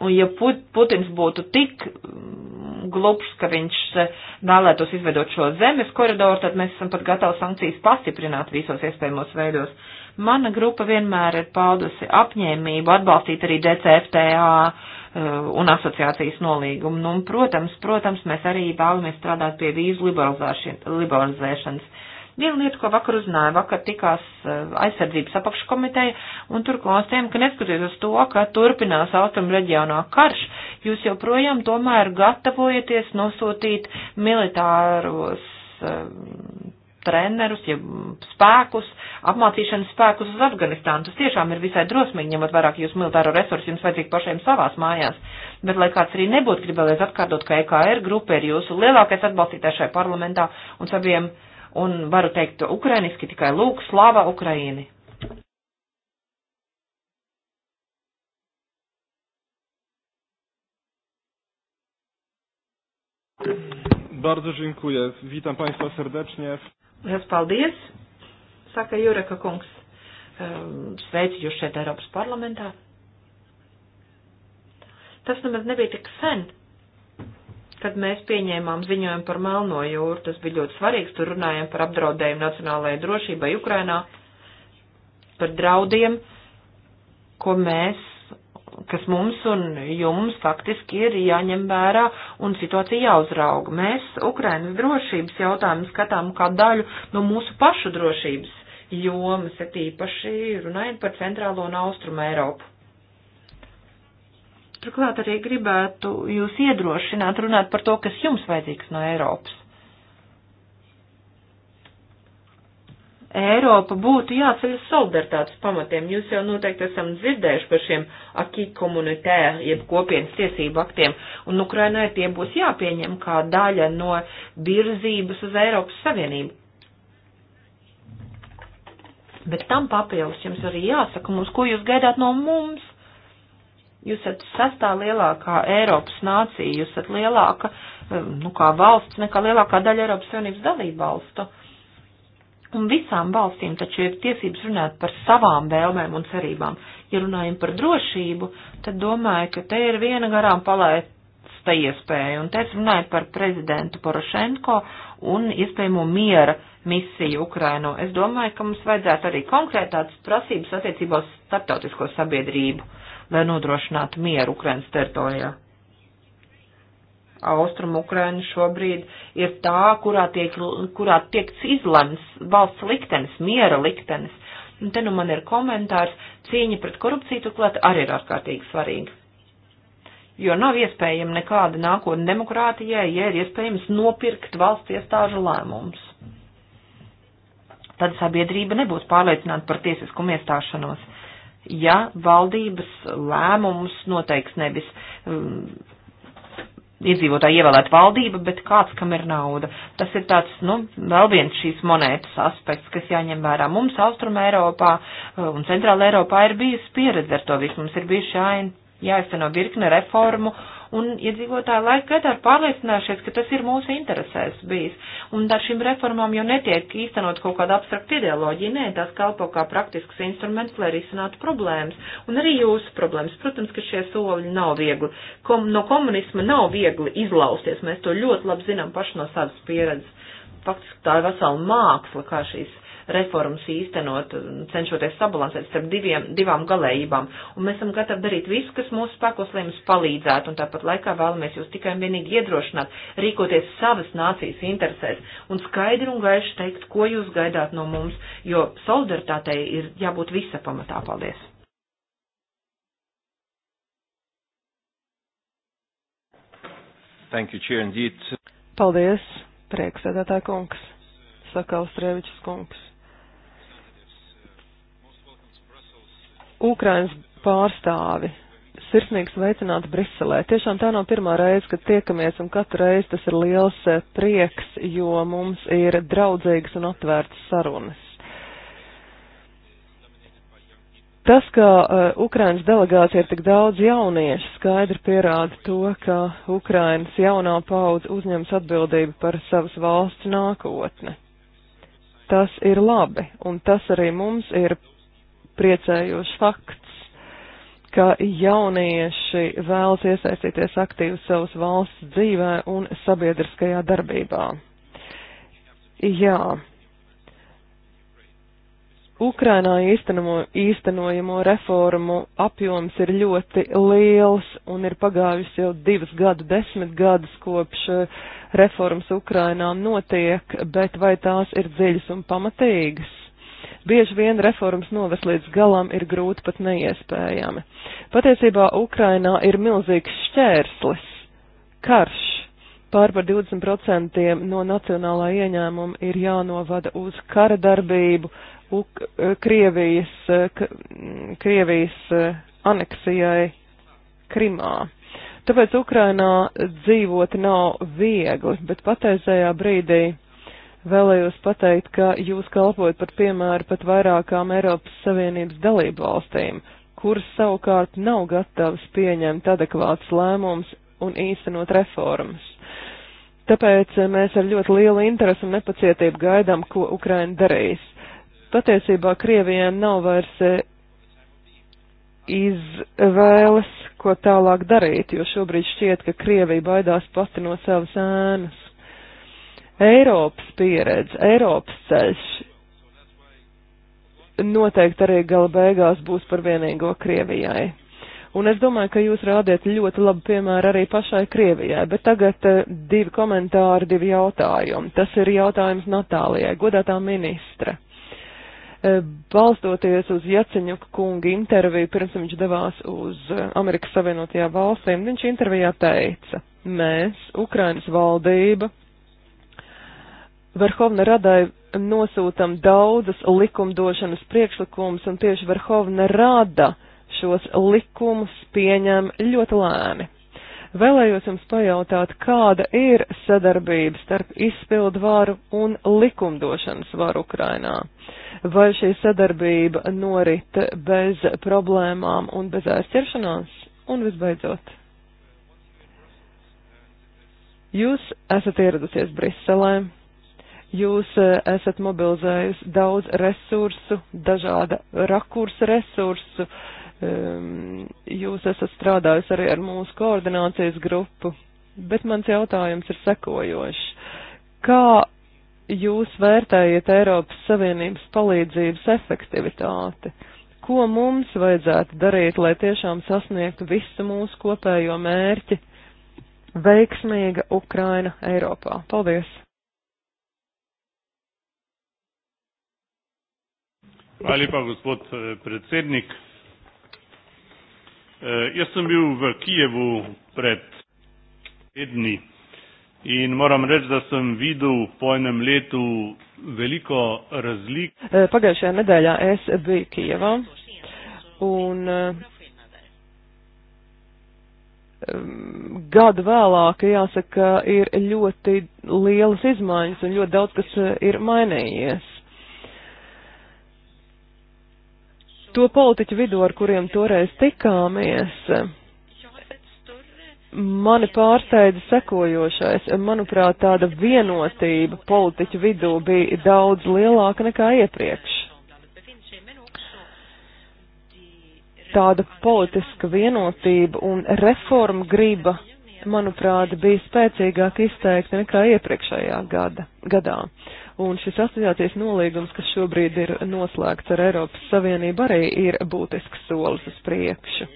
Un ja Put Putins būtu tik mm, glupš, ka viņš eh, vēlētos izveidot šo zemes koridoru, tad mēs esam pat gatavi sankcijas pastiprināt visos iespējamos veidos. Mana grupa vienmēr ir paudusi apņēmību atbalstīt arī DCFTA eh, un asociācijas nolīgumu. Nu, un, protams, protams, mēs arī vēlamies strādāt pie vīzu liberalizēšanas Viena lieta, ko vakar uzzināju, vakar tikās eh, aizsardzības apakškomiteja, un tur konstatējām, ka neskatoties uz to, ka turpinās austrumu reģionā karš, jūs joprojām tomēr gatavojaties nosūtīt militāros eh, trenerus, ja spēkus, apmācīšanas spēkus uz Afganistānu. Tas tiešām ir visai drosmīgi, ņemot vairāk jūsu militāro resursu, jums vajadzīgi pašiem savās mājās. Bet, lai kāds arī nebūtu gribējies atkārtot, ka EKR grupa ir jūsu lielākais atbalstītājs šajā parlamentā un saviem uh, un varu teikt to ukrainiski tikai lūk, slava Ukraini! Bardzo dziękuję. Witam Państwa serdecznie. Liels paldies, saka Jureka kungs. Sveicu jūs šeit Eiropas parlamentā. Tas nemaz nebija tik sen, kad mēs pieņēmām ziņojumu par Melno jūru, tas bija ļoti svarīgs, tur runājām par apdraudējumu nacionālajai drošībai Ukrainā, par draudiem, ko mēs, kas mums un jums faktiski ir jāņem vērā un situācija jāuzrauga. Mēs Ukrainas drošības jautājumu skatām kā daļu no mūsu pašu drošības jomas, ja tīpaši runājot par centrālo un austrumu Eiropu Turklāt arī gribētu jūs iedrošināt runāt par to, kas jums vajadzīgs no Eiropas. Eiropa būtu jāceļ solidaritātes pamatiem. Jūs jau noteikti esam dzirdējuši par šiem aki komunitē, jeb kopienas tiesību aktiem, un Ukrainai tie būs jāpieņem kā daļa no birzības uz Eiropas Savienību. Bet tam papildus jums arī jāsaka mums, ko jūs gaidāt no mums Jūs esat sastā lielākā Eiropas nācija, jūs esat lielāka, eh, nu, kā valsts, nekā lielākā daļa Eiropas Savienības dalību valstu. Un visām valstīm taču ir tiesības runāt par savām vēlmēm un cerībām. Ja runājam par drošību, tad domāju, ka te ir viena garām palaista iespēja. Un te es runāju par prezidentu Porošenko un iespējamo miera misiju Ukraino. Es domāju, ka mums vajadzētu arī konkrētāts prasības attiecībā uz starptautisko sabiedrību. Uh, lai nodrošinātu mieru Ukrainas teritorijā. Austrum Ukraina šobrīd ir tā, kurā tiek, kurā tiek izlems valsts liktenis, miera liktenis. Un te nu man ir komentārs, cīņa pret korupciju turklāt arī ir ārkārtīgi svarīga. Jo nav iespējama nekāda nākotne demokrātijai, ja ir iespējams nopirkt valsts iestāžu lēmumus. Tad sabiedrība nebūs pārliecināta par tiesiskumu iestāšanos ja valdības lēmumus noteiks nevis um, iedzīvotāji ievēlēt valdību, bet kāds, kam ir nauda. Tas ir tāds, nu, vēl viens šīs monētas aspekts, kas jāņem vērā. Mums Austrum Eiropā uh, un Centrāla Eiropā ir bijusi pieredze ar to visu. Mums ir bijuši jāin, jāizteno virkne reformu un iedzīvotāji laika gadā ir pārliecinājušies, ka tas ir mūsu interesēs bijis. Un ar šīm reformām jau netiek īstenot kaut kāda abstrakta ideoloģija, nē, tās kalpo kā praktisks instruments, lai risinātu problēmas. Un arī jūsu problēmas. Protams, ka šie soļi nav viegli. Kom, no komunisma nav viegli izlausties, mēs to ļoti labi zinām paši no savas pieredzes. Faktiski tā ir vesela māksla, kā šīs reformas īstenot, cenšoties sabalansēt starp diviem, divām galējībām. Un mēs esam gatavi darīt visu, kas mūsu spēkos, lai jums palīdzētu, un tāpat laikā vēlamies jūs tikai un vienīgi iedrošināt rīkoties savas nācijas interesēs un skaidri un gaiši teikt, ko jūs gaidāt no mums, jo solidaritātei ir jābūt visa pamatā. Paldies! Thank you, Chair, indeed. Paldies, priekšsēdētā kungs, saka Austrēvičs kungs. Ukrainas pārstāvi sirsnīgi sveicināti Briselē. Tiešām tā nav pirmā reize, kad tiekamies, un katru reizi tas ir liels eh, prieks, jo mums ir draudzīgas un atvērtas sarunas. Tas, ka uh, Ukrainas delegācija ir tik daudz jauniešu, skaidri pierāda to, ka Ukrainas jaunā paudze uzņems atbildību par savas valsts nākotni. Tas ir labi, un tas arī mums ir priecējošs fakts, ka jaunieši vēlas iesaistīties aktīvi savas valsts dzīvē un sabiedriskajā darbībā. Jā. Ukrainā īstenamo, īstenojamo reformu apjoms ir ļoti liels un ir pagājusi jau divas gadu desmit gadus kopš eh, reformas Ukrainā notiek, bet vai tās ir dziļas un pamatīgas? Bieži vien reformas novest līdz galam ir grūti pat neiespējami. Patiesībā Ukrainā ir milzīgs šķērslis - karš. Pār par 20% no nacionālā ieņēmuma ir jānovada uz kara darbību, Uk eh, Krievijas, eh, mm, Krievijas eh, aneksijai Krimā. Tāpēc Ukrainā dzīvot nav viegli, bet pateizējā brīdī Vēlējos pateikt, ka jūs kalpojat par piemēru pat vairākām Eiropas Savienības dalību valstīm, kuras savukārt nav gatavas pieņemt adekvātus lēmumus un īstenot reformas. Tāpēc eh, mēs ar ļoti lielu interesi un nepacietību gaidām, ko Ukraina darīs. Patiesībā Krievijai nav vairs eh, izvēles, ko tālāk darīt, jo šobrīd šķiet, ka Krievija baidās pati no savas ēnas. Eiropas pieredze, Eiropas ceļš noteikti arī gala beigās būs par vienīgo Krievijai. Un es domāju, ka jūs rādiet ļoti labu piemēru arī pašai Krievijai, bet tagad eh, divi komentāri, divi jautājumi. Tas ir jautājums Natālijai, godātā ministre. Eh, balstoties uz Jaceņuka kunga interviju, pirms viņš devās uz eh, Amerikas Savienotajā valstīm, viņš intervijā teica, mēs, Ukrainas valdība, Verhovna radai nosūtam daudzas likumdošanas priekšlikumus, un tieši Verhovna rada šos likumus pieņem ļoti lēni. Vēlējos jums pajautāt, kāda ir sadarbība starp izpildu varu un likumdošanas varu Ukrainā? Vai šī sadarbība norit bez problēmām un bez aizķeršanās? Un visbeidzot, jūs esat ieradusies Briselē, Jūs eh, esat mobilizējusi daudz resursu, dažāda rakursa resursu. Ehm, jūs esat strādājusi arī ar mūsu koordinācijas grupu, bet mans jautājums ir sekojošs. Kā jūs vērtējat Eiropas Savienības palīdzības efektivitāti? Ko mums vajadzētu darīt, lai tiešām sasniegtu visu mūsu kopējo mērķi? Veiksmīga Ukraina Eiropā. Paldies! Hvala lepa, gospod eh, predsednik. Eh, jaz sem bil v Kijevu pred tedni in moram reči, da sem videl po enem letu veliko razlik. Eh, pagājušajā nedēļā es biju Kijevā un gadu vēlāk, jāsaka, ir ļoti lielas izmaiņas un ļoti daudz kas ir mainījies. to politiķu vidū, ar kuriem toreiz tikāmies, mani pārsteidza sekojošais. Manuprāt, tāda vienotība politiķu vidū bija daudz lielāka nekā iepriekš. Tāda politiska vienotība un reforma griba manuprāt, bija spēcīgāk izteikti nekā iepriekšējā gada, gadā. Un šis asociācijas nolīgums, kas šobrīd ir noslēgts ar Eiropas Savienību, arī ir būtisks solis uz priekšu.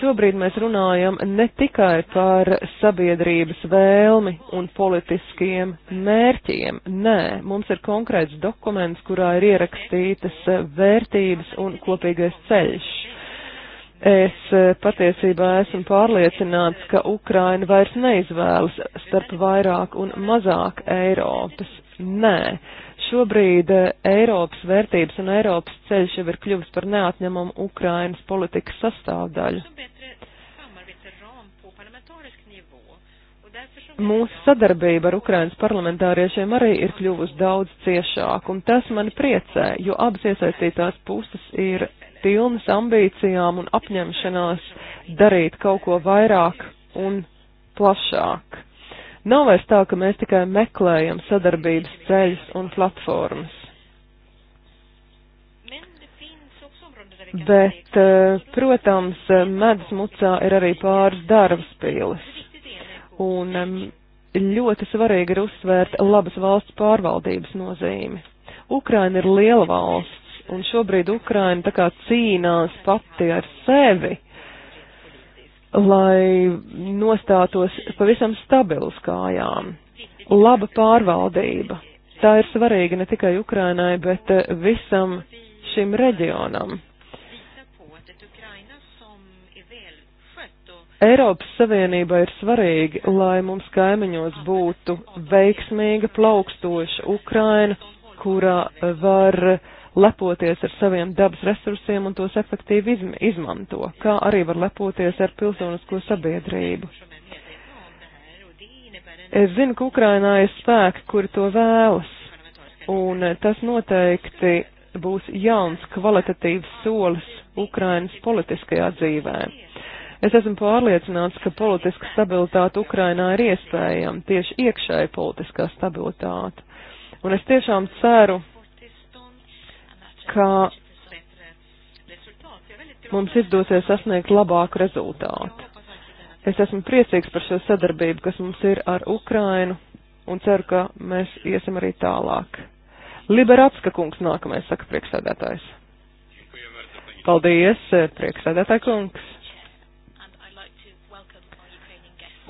Šobrīd mēs runājam ne tikai par sabiedrības vēlmi un politiskiem mērķiem, nē, mums ir konkrēts dokuments, kurā ir ierakstītas vērtības un kopīgais ceļš Es eh, patiesībā esmu pārliecināts, ka Ukraina vairs neizvēlas starp vairāk un mazāk Eiropas. Nē, šobrīd eh, Eiropas vērtības un Eiropas ceļš jau ir kļuvis par neatņemumu Ukrainas politikas sastāvdaļu. Mūsu sadarbība ar Ukrainas parlamentāriešiem arī ir kļuvusi daudz ciešāka, un tas mani priecē, jo abas iesaistītās puses ir pilnas ambīcijām un apņemšanās darīt kaut ko vairāk un plašāk. Nav vairs tā, ka mēs tikai meklējam sadarbības ceļus un platformas. Bet, eh, protams, medus mucā ir arī pāris darbas pīles. Un ļoti svarīgi ir uzsvērt labas valsts pārvaldības nozīmi. Ukraina ir liela valsts un šobrīd Ukraina tā kā cīnās pati ar sevi, lai nostātos pavisam stabils kājām. Laba pārvaldība. Tā ir svarīga ne tikai Ukrainai, bet eh, visam šim reģionam. Eiropas Savienība ir svarīga, lai mums kaimiņos būtu veiksmīga, plaukstoša Ukraina, kurā var uh, lepoties ar saviem dabas resursiem un tos efektīvi izm izmanto, kā arī var lepoties ar pilsonisko sabiedrību. Es zinu, ka Ukrainā ir spēki, kuri to vēlas, un tas noteikti būs jauns kvalitatīvs solis Ukrainas politiskajā dzīvē. Es esmu pārliecināts, ka politiska stabilitāte Ukrainā ir iespējama tieši iekšēja politiskā stabilitāte. Un es tiešām ceru, ka mums izdosies sasniegt labāku rezultātu. Es esmu priecīgs par šo sadarbību, kas mums ir ar Ukrainu, un ceru, ka mēs iesim arī tālāk. Liberatska kungs nākamais, saka priekšsēdētājs. Paldies, priekšsēdētāja kungs.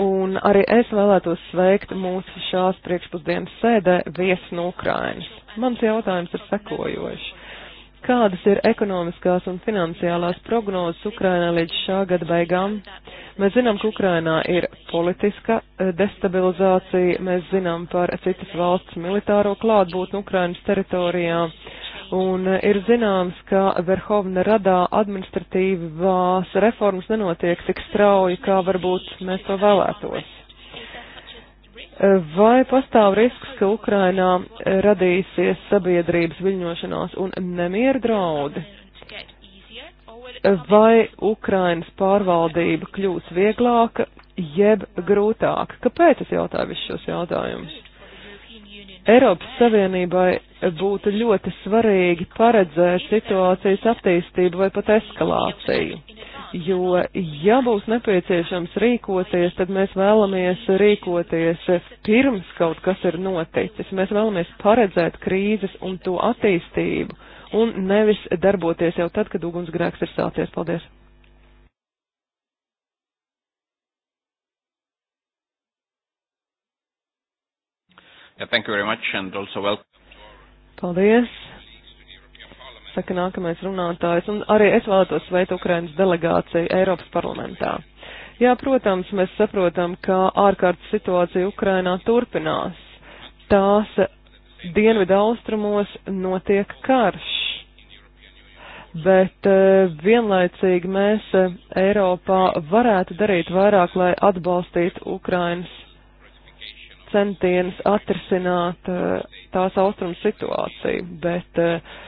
Un arī es vēlētos sveikt mūsu šās priekšpusdienas sēdē viesu no Ukrainas. Mans jautājums ir sekojošs. Kādas ir ekonomiskās un finansiālās prognozes Ukrainā līdz šā gada beigām? Mēs zinām, ka Ukrainā ir politiska eh, destabilizācija, mēs zinām par citas valsts militāro klātbūtni Ukrainas teritorijā, un eh, ir zināms, ka Verhovna radā administratīvās reformas nenotiek tik strauji, kā varbūt mēs to vēlētos. Vai pastāv risks, ka Ukrainā radīsies sabiedrības viļņošanās un nemieru draudi? Vai Ukrainas pārvaldība kļūs vieglāka jeb grūtāka? Kāpēc es jautāju visus šos jautājumus? Eiropas Savienībai būtu ļoti svarīgi paredzēt situācijas attīstību vai pat eskalāciju jo, ja būs nepieciešams rīkoties, tad mēs vēlamies rīkoties pirms kaut kas ir noticis. Mēs vēlamies paredzēt krīzes un to attīstību, un nevis darboties jau tad, kad ugunsgrēks ir sācies. Paldies! Yeah, thank you very much and also welcome. Paldies! saka nākamais runātājs, un arī es vēlētos sveikt Ukrainas delegāciju Eiropas parlamentā. Jā, protams, mēs saprotam, ka ārkārtas situācija Ukrainā turpinās. Tās dienvidu austrumos notiek karš, bet eh, vienlaicīgi mēs eh, Eiropā varētu darīt vairāk, lai atbalstītu Ukrainas centienus atrisināt eh, tās austrumu situāciju, bet uh,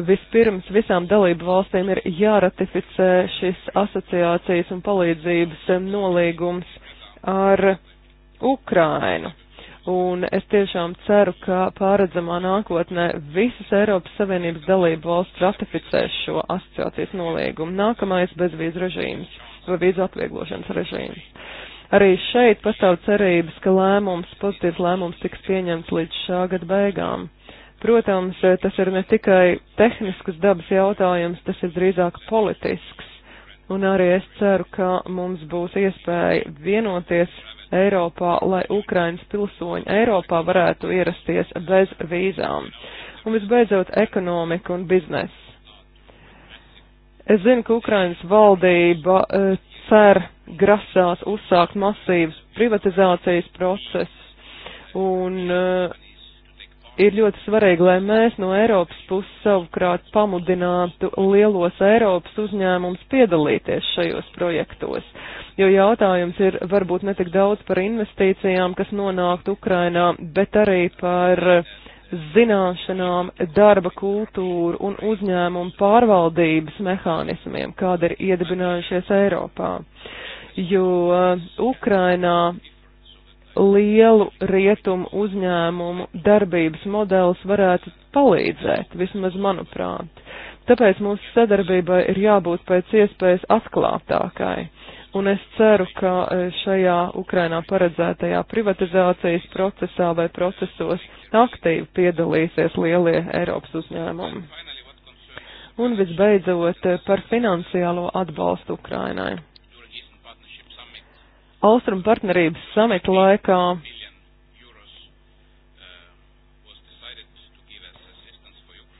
Vispirms visām dalību valstīm ir jāratificē šis asociācijas un palīdzības eh, nolīgums ar Ukrainu. Un es tiešām ceru, ka pāredzamā nākotnē visas Eiropas Savienības dalību valsts ratificēs šo asociācijas nolīgumu. Nākamais bezvīz režīms vai vīzu atvieglošanas režīms. Arī šeit pastāv cerības, ka lēmums, pozitīvs lēmums tiks pieņemts līdz šā gada beigām. Protams, eh, tas ir ne tikai tehnisks dabas jautājums, tas ir drīzāk politisks. Un arī es ceru, ka mums būs iespēja vienoties Eiropā, lai Ukrainas pilsoņi Eiropā varētu ierasties bez vīzām. Un visbeidzot, ekonomika un biznesa. Es zinu, ka Ukrainas valdība eh, cer grasās uzsākt masīvas privatizācijas procesus, un uh, ir ļoti svarīgi, lai mēs no Eiropas puses savukrāt pamudinātu lielos Eiropas uzņēmumus piedalīties šajos projektos. Jo jautājums ir varbūt ne tik daudz par investīcijām, kas nonāktu Ukrainā, bet arī par zināšanām, darba kultūru un uzņēmumu pārvaldības mehānismiem, kāda ir iedibinājušies Eiropā. Jo Ukrainā lielu rietumu uzņēmumu darbības modelis varētu palīdzēt, vismaz manuprāt. Tāpēc mūsu sadarbībai ir jābūt pēc iespējas atklātākai. Un es ceru, ka e, šajā Ukrainā paredzētajā privatizācijas procesā vai procesos aktīvi piedalīsies lielie Eiropas uzņēmumi. Un visbeidzot e, par finansiālo atbalstu Ukrainai. Austrum partnerības samita laikā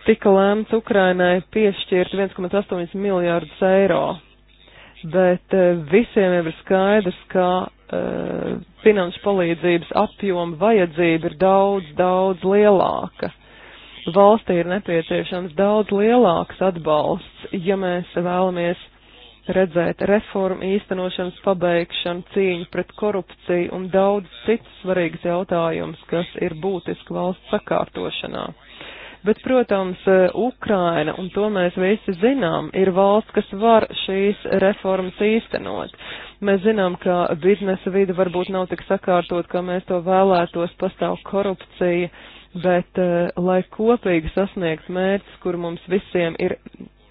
tika lēmts Ukrainai piešķirt 1,8 miljārdus eiro, bet e, visiem jau ir skaidrs, ka uh, finanšu palīdzības apjoma vajadzība ir daudz, daudz lielāka. Valstī ir nepieciešams daudz lielāks atbalsts, ja mēs vēlamies redzēt reformu īstenošanas pabeigšanu, cīņu pret korupciju un daudz citas svarīgas jautājumas, kas ir būtiski valsts sakārtošanā. Bet, protams, Ukraina, un to mēs visi zinām, ir valsts, kas var šīs reformas īstenot. Mēs zinām, ka biznesa vide varbūt nav tik sakārtot, kā mēs to vēlētos, pastāv korupcija, bet, eh, lai kopīgi sasniegts mērķis, kur mums visiem ir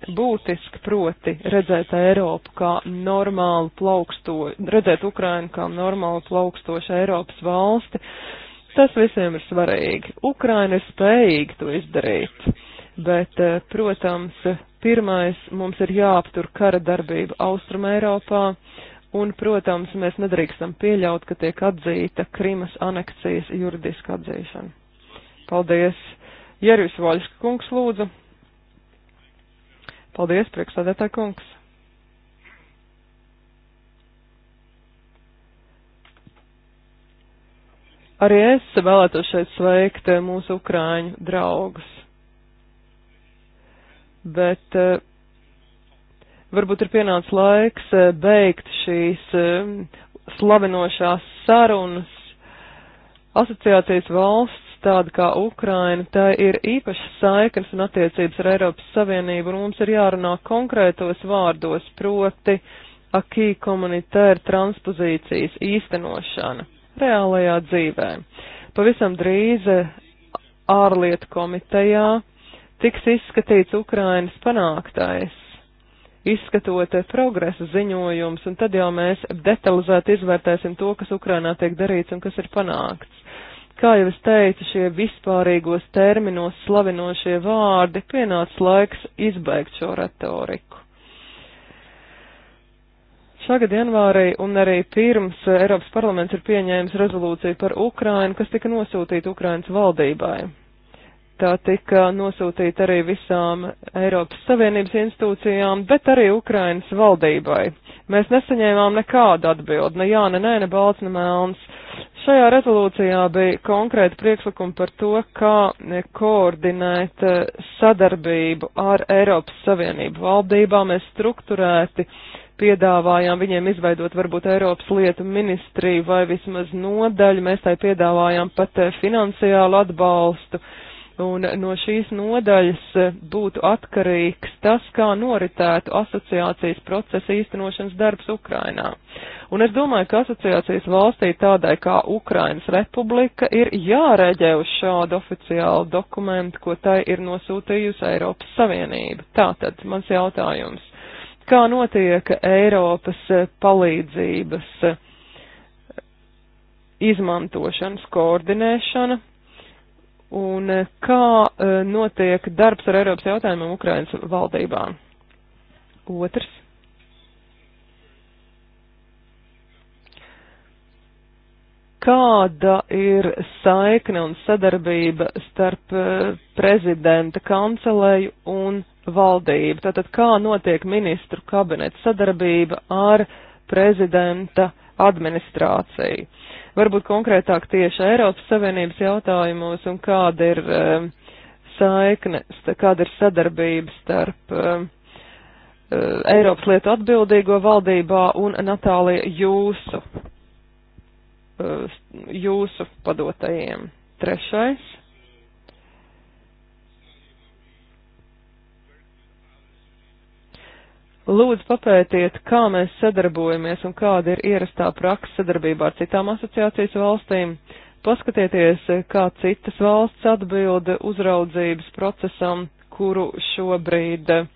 būtiski, proti redzēt Eiropu kā normālu plauksto, redzēt Ukrainu kā normālu plaukstošu Eiropas valsti. Tas visiem ir svarīgi. Ukraina ir spējīga to izdarīt, bet, eh, protams, pirmais mums ir jāaptur kara darbība Austrum Eiropā, un, protams, mēs nedrīkstam pieļaut, ka tiek atzīta Krimas aneksijas juridiska atzīšana. Paldies! Jervis Vaļska kungs lūdzu. Paldies, priekšsādētāji kungs! Arī es vēlētos šeit sveikt eh, mūsu ukrāņu draugus. Bet eh, varbūt ir pienācis laiks eh, beigt šīs slavinošās sarunas. Asociācijas valsts tāda kā Ukraina, tā ir īpašas saiknes un attiecības ar Eiropas Savienību, un mums ir jārunā konkrētos vārdos, proti akī komunitēra transpozīcijas īstenošana reālajā dzīvē. Pavisam drīz ārlietu komitejā tiks izskatīts Ukrainas panāktais, izskatot progresa ziņojums, un tad jau mēs detalizēti izvērtēsim to, kas Ukrainā tiek darīts un kas ir panākts. Kā jau es teicu, šie vispārīgos terminos slavinošie vārdi pienāca laiks izbeigt šo retoriku. Šagad janvārī un arī pirms Eiropas parlaments ir pieņēmis rezolūciju par Ukrainu, kas tika nosūtīta Ukrainas valdībai. Tā tika nosūtīta arī visām Eiropas Savienības institūcijām, bet arī Ukrainas valdībai. Mēs nesaņēmām nekādu atbildi, ne jā, ne nē, ne balts, ne melns. Šajā rezolūcijā bija konkrēti priekšlikumi par to, kā koordinēt eh, sadarbību ar Eiropas Savienību valdībām. Mēs strukturēti piedāvājām viņiem izveidot varbūt Eiropas lietu ministriju vai vismaz nodaļu. Mēs tai piedāvājām pat eh, finansiālu atbalstu. Uh, un no šīs nodaļas eh, būtu atkarīgs tas, kā noritētu asociācijas procesa īstenošanas darbs Ukrainā. Un es domāju, ka asociācijas valstī tādai kā Ukrainas republika ir jārēģē uz šādu oficiālu dokumentu, ko tai ir nosūtījusi Eiropas Savienība. Tātad mans jautājums. Kā notiek Eiropas eh, palīdzības eh, izmantošanas koordinēšana un eh, kā eh, notiek darbs ar Eiropas jautājumiem Ukrainas valdībā. Otrs. Kāda ir saikne un sadarbība starp eh, prezidenta kancelēju un valdību? Tātad kā notiek ministru kabineta sadarbība ar prezidenta administrāciju? Uh, varbūt konkrētāk tieši Eiropas Savienības jautājumos un kāda ir um, saikne, kāda ir sadarbība starp um, Eiropas lietu atbildīgo valdībā un Natālija jūsu, jūsu padotajiem. Trešais. Lūdzu, papētiet, kā mēs sadarbojamies un kāda ir ierastā praksa sadarbībā ar citām asociācijas valstīm. Paskatieties, kā citas valsts atbild uzraudzības procesam, kuru šobrīd eh,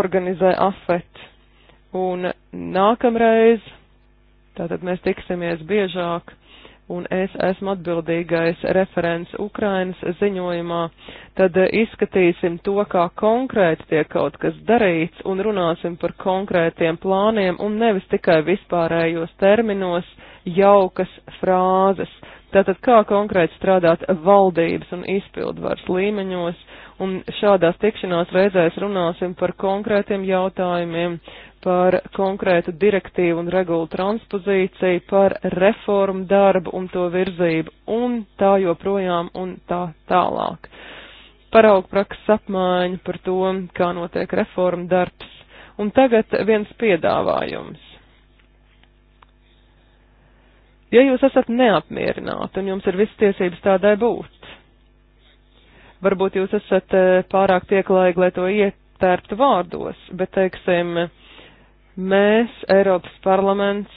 organizē AFET. Un nākamreiz, tātad mēs tiksimies biežāk un es esmu atbildīgais referents Ukrainas ziņojumā, tad izskatīsim to, kā konkrēti tiek kaut kas darīts un runāsim par konkrētiem plāniem un nevis tikai vispārējos terminos jaukas frāzes. Tātad kā konkrēti strādāt valdības un izpildvars līmeņos, un šādās tikšanās reizēs runāsim par konkrētiem jautājumiem, par konkrētu direktīvu un regulu transpozīciju, par reformu darbu un to virzību un tā joprojām un tā tālāk. Paraugu prakses apmaiņa par to, kā notiek reformu darbs. Un tagad viens piedāvājums. Ja jūs esat neapmierināti un jums ir viss tiesības tādai būt, varbūt jūs esat eh, pārāk pieklājīgi, lai to iet tērpt vārdos, bet, teiksim, mēs, Eiropas parlaments,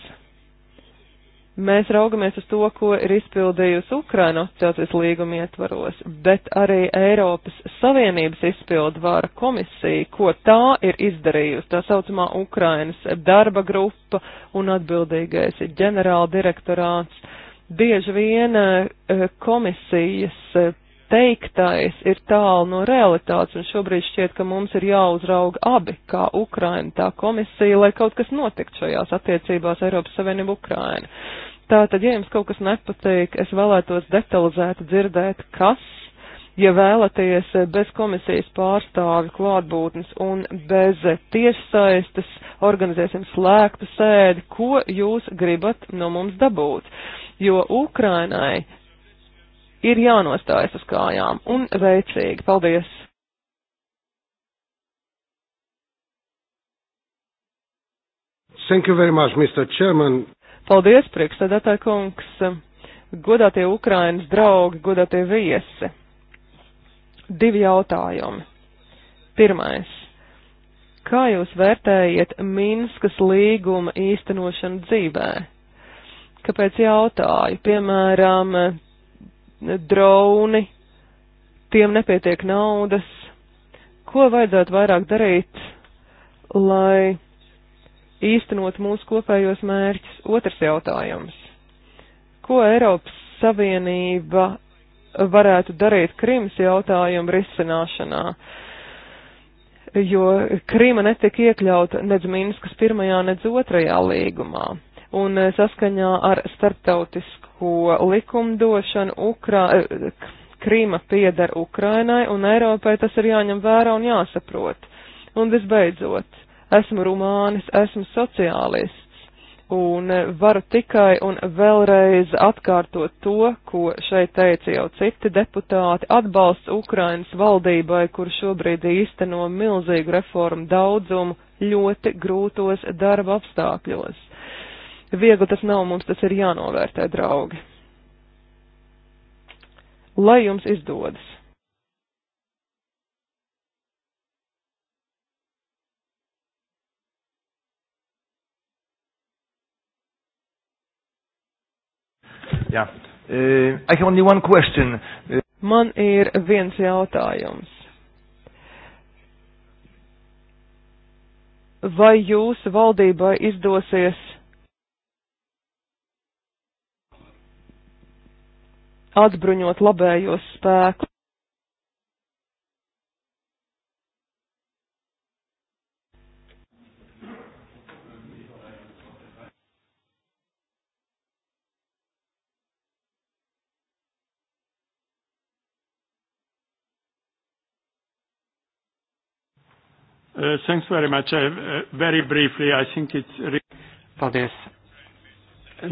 mēs raugamies uz to, ko ir izpildījusi Ukraina asociācijas līguma ietvaros, bet arī Eiropas Savienības izpildu vāra komisija, ko tā ir izdarījusi, tā saucamā Ukrainas darba grupa un atbildīgais ģenerāldirektorāts. Bieži vien eh, komisijas eh, teiktais ir tālu no realitātes, un šobrīd šķiet, ka mums ir jāuzrauga abi, kā Ukraina, tā komisija, lai kaut kas notiktu šajās attiecībās Eiropas Savienība Ukraina. Tātad, ja jums kaut kas nepatīk, es vēlētos detalizēti dzirdēt, kas, ja vēlaties bez komisijas pārstāvi klātbūtnes un bez tiešsaistes organizēsim slēgtu sēdi, ko jūs gribat no mums dabūt jo Ukrainai ir jānostājas uz kājām un veicīgi. Paldies! Thank you very much, Mr. Chairman. Paldies, priekšsēdētāji kungs, godātie Ukrainas draugi, godātie viesi. Divi jautājumi. Pirmais. Kā jūs vērtējat Minskas līguma īstenošanu dzīvē? Kāpēc jautāju? Piemēram, droni, tiem nepietiek naudas. Ko vajadzētu vairāk darīt, lai īstenot mūsu kopējos mērķus? Otrs jautājums. Ko Eiropas Savienība varētu darīt Krimas jautājumu risināšanā? Jo Krima netika iekļauta nedz Minskas pirmajā, nedz otrajā līgumā un eh, saskaņā ar starptautisko likumdošanu Ukrā, eh, Krīma pieder Ukrainai, un Eiropai tas ir jāņem vērā un jāsaprot. Un visbeidzot, esmu rumānis, esmu sociālists, un eh, varu tikai un vēlreiz atkārtot to, ko šeit teica jau citi deputāti, atbalsts Ukrainas valdībai, kur šobrīd īsteno milzīgu reformu daudzumu ļoti grūtos darba apstākļos. Viegli tas nav, mums tas ir jānovērtē, draugi. Lai jums izdodas! Yeah. Uh, I have only one question. Uh, Man ir viens jautājums. Vai jūsu valdībai izdosies atbruņot labējos spēkus. Uh, thanks very much. Uh, very briefly, I think it's. Paldies.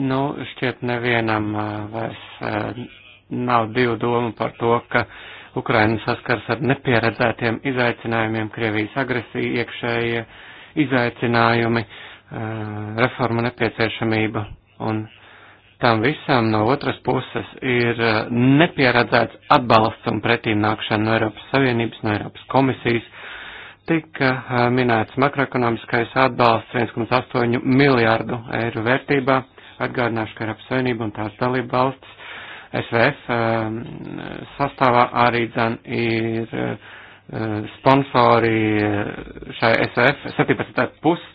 Nu, šķiet nevienam uh, vairs uh, nav divu domu par to, ka Ukraina saskars ar nepieredzētiem izaicinājumiem, Krievijas agresija, iekšējie izaicinājumi, eh, reforma nepieciešamība un tam visam no otras puses ir eh, nepieredzēts atbalsts un pretīm nākšana no Eiropas Savienības, no Eiropas komisijas. Tika eh, minēts makroekonomiskais atbalsts 1,8 miljārdu eiro vērtībā. Atgādināšu, ka Eiropas Savienība un tās dalība valsts SVF eh, sastāvā arī dzen ir eh, sponsori eh, šai SVF 17,5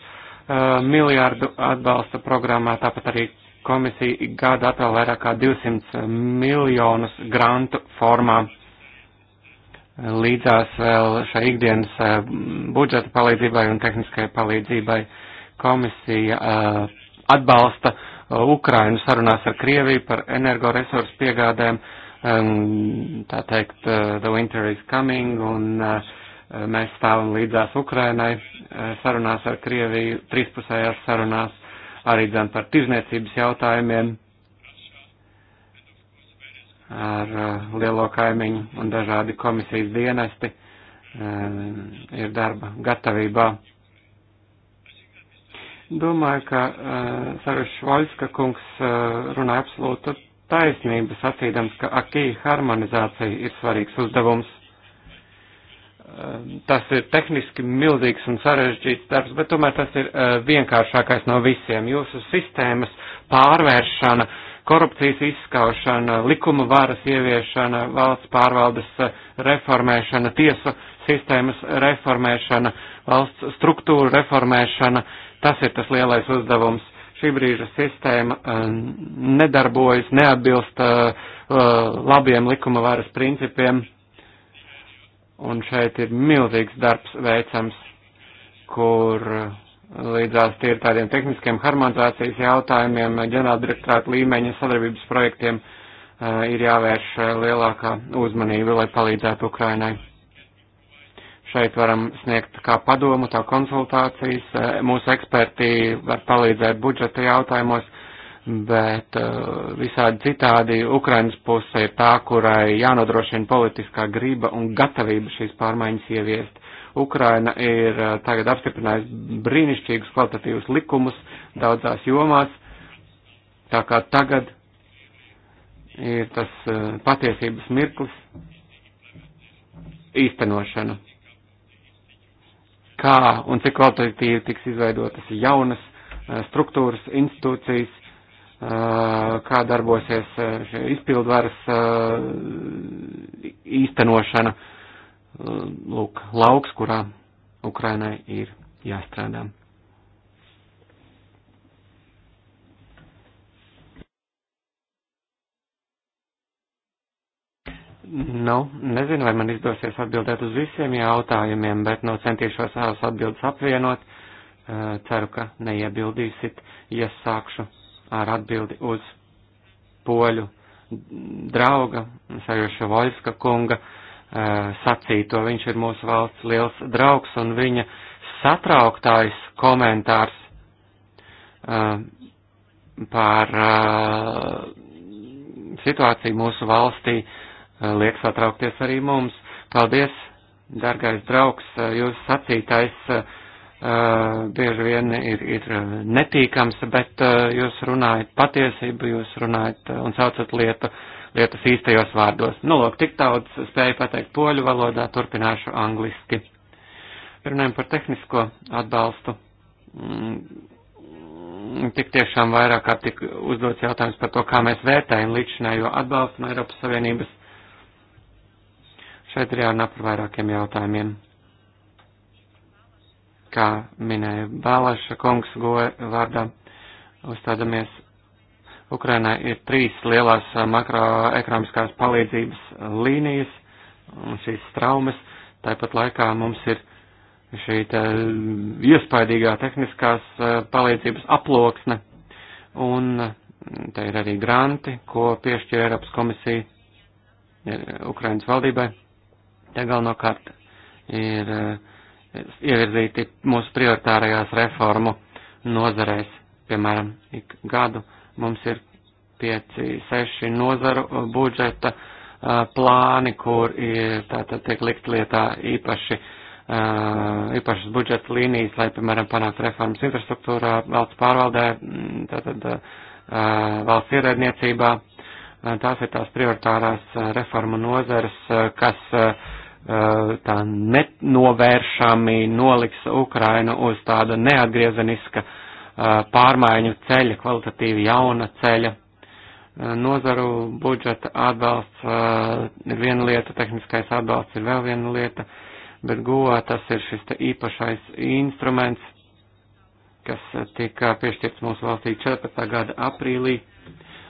miljārdu atbalsta programmā, tāpat arī komisija gada atvēl vairāk kā 200 miljonus grantu formā. Līdzās vēl šai ikdienas budžeta palīdzībai un tehniskai palīdzībai komisija atbalsta Uh, Ukrainu sarunās ar Krieviju par energoresursu piegādēm. Um, tā teikt, uh, the winter is coming un uh, mēs stāvam līdzās Ukrainai sarunās ar Krieviju, trīspusējās sarunās arī dzen par tirzniecības jautājumiem ar lielo kaimiņu un dažādi komisijas dienesti um, ir darba gatavībā Domāju, ka uh, eh, Sarušs Voļska kungs uh, eh, runā absolūta taisnība, sacīdams, ka akī harmonizācija ir svarīgs uzdevums. Uh, tas ir tehniski milzīgs un sarežģīts darbs, bet tomēr tas ir uh, vienkāršākais no visiem. Jūsu sistēmas pārvēršana, korupcijas izskaušana, likuma varas ieviešana, valsts pārvaldes reformēšana, tiesu sistēmas reformēšana, valsts struktūra reformēšana, Tas ir tas lielais uzdevums. Šī brīža sistēma eh, nedarbojas, neatbilst eh, eh, labiem likuma varas principiem, un šeit ir milzīgs darbs veicams, kur līdzās tie ir tādiem tehniskiem harmonizācijas jautājumiem, ģenerāldirektorāta līmeņa sadarbības projektiem ir jāvērš lielākā uzmanība, lai palīdzētu Ukrainai. Šeit varam sniegt kā padomu, tā konsultācijas. Eh, mūsu eksperti var palīdzēt budžeta jautājumos, bet eh, visādi citādi Ukrainas puse ir tā, kurai jānodrošina politiskā grība un gatavība šīs pārmaiņas ieviest. Ukraina ir eh, tagad apstiprinājusi brīnišķīgus kvalitatīvus likumus daudzās jomās, tā kā tagad ir tas patiesības mirklis īstenošana kā un cik kvalitatīvi tiks izveidotas jaunas eh, struktūras, institūcijas, eh, kā darbosies eh, izpildvaras īstenošana, lūk, lauks, kurā Ukrainai ir jāstrādā. Nu, nezinu, vai man izdosies atbildēt uz visiem jautājumiem, bet nu, centīšos savas atbildes apvienot. Eh, ceru, ka neiebildīsit, ja sākšu ar atbildi uz poļu drauga, Sajoša Voļska kunga eh, sacīto. Viņš ir mūsu valsts liels draugs un viņa satrauktais komentārs eh, par situāciju mūsu valstī Eh, liek satraukties arī mums. Paldies, dargais draugs, eh, jūs sacītais eh, bieži vien ir, ir netīkams, bet jūs runājat patiesību, jūs runājat un saucat lietu, lietas īstajos vārdos. Nu, lūk, tik daudz spēju pateikt poļu valodā, turpināšu angliski. Runājam par tehnisko atbalstu mm, tik tiešām vairāk kā tik uzdots jautājums par to, kā mēs vērtējam līdzinējo atbalstu no Eiropas Savienības Šeit ir jārunā par vairākiem jautājumiem. Kā minēja Bālaša kungs goja vārdā, uzstādamies. Ukrainā ir trīs lielās makroekonomiskās palīdzības līnijas un šīs traumas. Tāpat laikā mums ir šī iespaidīgā tehniskās e, palīdzības aploksne. Un te ir arī granti, ko piešķir Eiropas komisija e, Ukrainas valdībai. Tie galvenokārt ir eh, ievirzīti mūsu prioritārajās reformu nozarēs. Piemēram, ik gadu mums ir pieci, seši nozaru budžeta eh, plāni, kur ir, tātad tiek likt lietā īpaši uh, īpašas budžeta līnijas, lai, piemēram, panāktu reformas infrastruktūrā, valsts pārvaldē, mm, tātad valsts ierēdniecībā. Tās ir tās prioritārās reformu nozares, kas Eh, tā nenovēršami noliks Ukrainu uz tāda neatgriezeniska eh, pārmaiņu ceļa, kvalitatīvi jauna ceļa. Eh, nozaru budžeta atbalsts ir viena lieta, tehniskais atbalsts ir vēl viena lieta, bet GOA tas ir šis īpašais instruments, kas tika piešķirts mūsu valstī 14. gada aprīlī.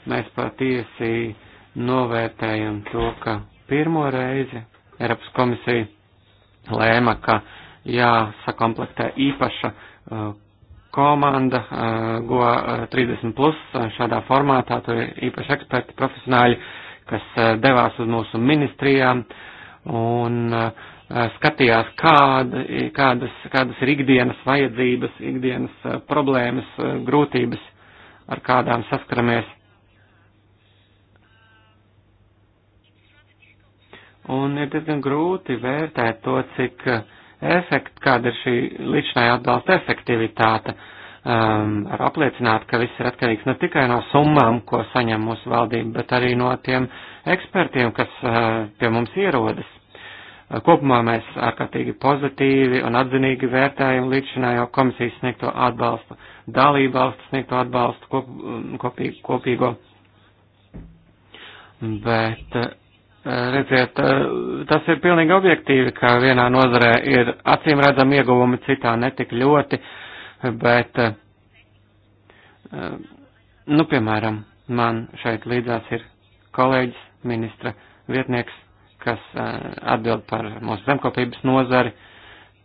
Mēs patiesi novērtējam to, ka pirmo reizi Eiropas komisija lēma, ka jāsakomplektē īpaša uh, komanda, uh, go 30 uh, plus šādā formātā, tur ir īpaši eksperti, profesionāļi, kas devās uz mūsu ministrijām un skatījās, kāda, kādas, kādas ir ikdienas vajadzības, ikdienas problēmas, grūtības, ar kādām saskaramies un ir diezgan grūti vērtēt to, cik eh, efekt, kāda ir šī līdzināja atbalsta efektivitāte. Um, ar apliecināt, ka viss ir atkarīgs ne tikai no summām, ko saņem mūsu valdība, bet arī no tiem ekspertiem, kas uh, pie mums ierodas. Uh, kopumā mēs ārkārtīgi pozitīvi un atzinīgi vērtējam līdzinājo komisijas sniegto atbalstu, dalību valstu sniegto atbalstu kop, kopī, kopīgo. Bet uh, Redziet, tas ir pilnīgi objektīvi, ka vienā nozarē ir acīm redzami ieguvumi, citā netik ļoti, bet, nu, piemēram, man šeit līdzās ir kolēģis, ministra vietnieks, kas atbild par mūsu zemkopības nozari.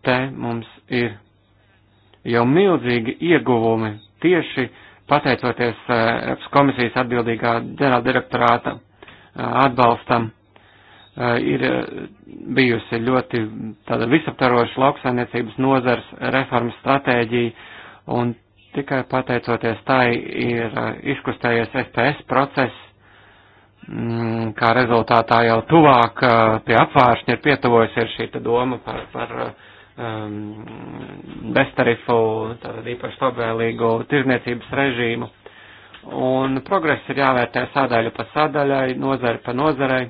Te mums ir jau milzīgi ieguvumi tieši pateicoties Eiropas komisijas atbildīgā ģenerāldirektorāta atbalstam Eh, ir eh, bijusi ļoti tāda visaptaroša lauksainiecības nozars reformas stratēģija, un tikai pateicoties tai ir eh, izkustējies SPS process, mm, kā rezultātā jau tuvāk pie apvāršņa ir pietuvojusies šī doma par, par um, beztarifu, tātad īpaši labvēlīgu tirzniecības režīmu. Un progress ir jāvērtē sādaļu pa sādaļai, nozari pa nozarei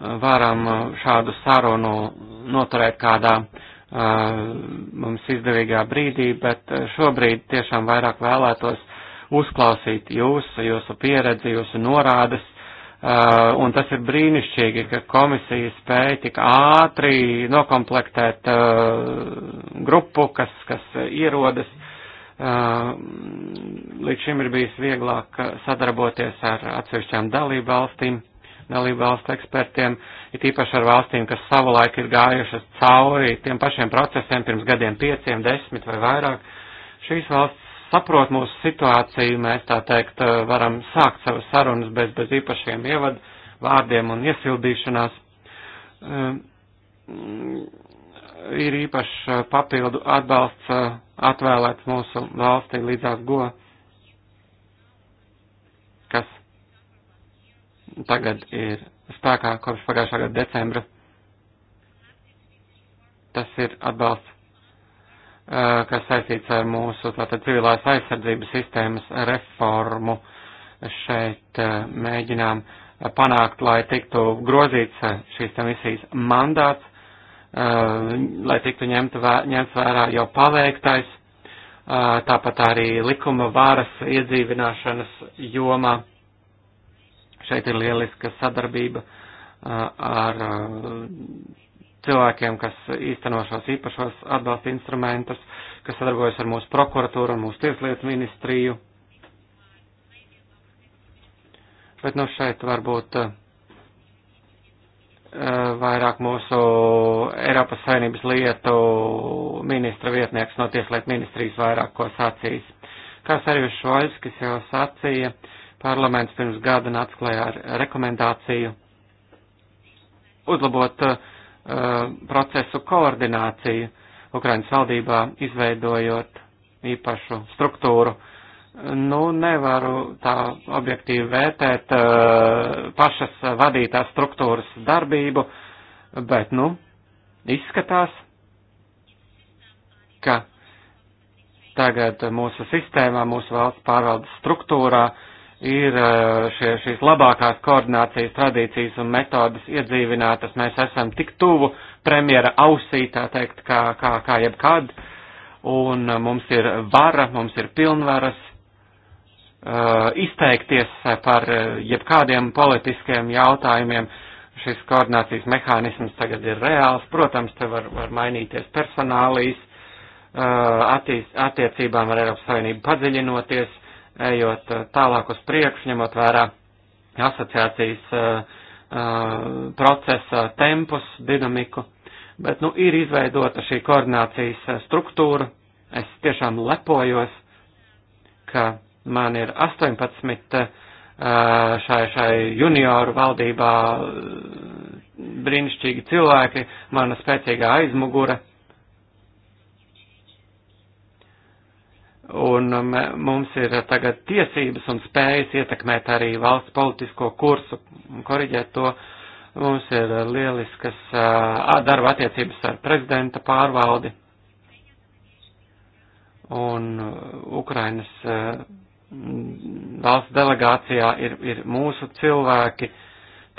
varam uh, šādu sarunu noturēt kādā uh, mums izdevīgā brīdī, bet uh, šobrīd tiešām vairāk vēlētos uzklausīt jūs, jūsu pieredzi, jūsu norādes, un tas ir brīnišķīgi, ka komisija spēja tik ātri nokomplektēt grupu, kas, kas ierodas. Līdz šim ir bijis vieglāk sadarboties ar atsevišķām dalību valstīm dalību valstu ekspertiem, it īpaši ar valstīm, kas savulaik ir gājušas cauri tiem pašiem procesiem pirms gadiem pieciem, desmit vai vairāk. Šīs valsts saprot mūsu situāciju, mēs tā teikt eh, varam sākt savas sarunas bez, bez īpašiem ievadu vārdiem un iesildīšanās. Ehm, ir īpašs eh, papildu atbalsts eh, atvēlēts mūsu valstī līdzās go tagad ir spēkā kopš pagājušā gada decembra. Tas ir atbalsts, eh, kas saistīts ar mūsu tātad civilās aizsardzības sistēmas reformu. Šeit eh, mēģinām panākt, lai tiktu grozīts eh, šīs tam visīs mandāts, lai tiktu ņemt vē, ņemts vērā jau paveiktais, tāpat arī likuma varas iedzīvināšanas jomā Šeit ir lieliska sadarbība ar cilvēkiem, kas īsteno šos īpašos atbalsta instrumentus, kas sadarbojas ar mūsu prokuratūru un mūsu tieslietu ministriju. Bet nu šeit varbūt vairāk mūsu Eiropas Savienības lietu ministra vietnieks no Tieslietu ministrijas vairāk ko sacīs. Kā Sarjušs Voļskis jau sacīja, uh, Parlaments pirms gada nāca klajā ar rekomendāciju uzlabot uh, procesu koordināciju Ukrainas valdībā, izveidojot īpašu struktūru. Nu, nevaru tā objektīvi vērtēt uh, pašas vadītās struktūras darbību, bet, nu, izskatās, ka tagad mūsu sistēmā, mūsu valsts pārvaldes struktūrā uh, ir eh, šie, šīs labākās koordinācijas tradīcijas un metodas iedzīvinātas. Mēs esam tik tuvu premjera ausī, tā teikt, kā, kā, kā jebkad, un eh, mums ir vara, mums ir pilnvaras uh, izteikties par jebkādiem politiskiem jautājumiem. Šis koordinācijas mehānisms tagad ir reāls, protams, te var, var mainīties personālīs, uh, attiecībām ar Eiropas Savienību padziļinoties, ejot eh, tālāk uz priekšu, ņemot vērā asociācijas uh, uh, procesa tempus, dinamiku. Bet, nu, ir izveidota šī koordinācijas struktūra. Es tiešām lepojos, ka man ir 18 uh, šai, šai junioru valdībā brīnišķīgi cilvēki, mana spēcīgā aizmugure Un um, mums ir tagad tiesības un spējas ietekmēt arī valsts politisko kursu un koriģēt to. Mums ir lieliskas uh, darba attiecības ar prezidenta pārvaldi un uh, Ukrainas uh, valsts delegācijā ir, ir mūsu cilvēki,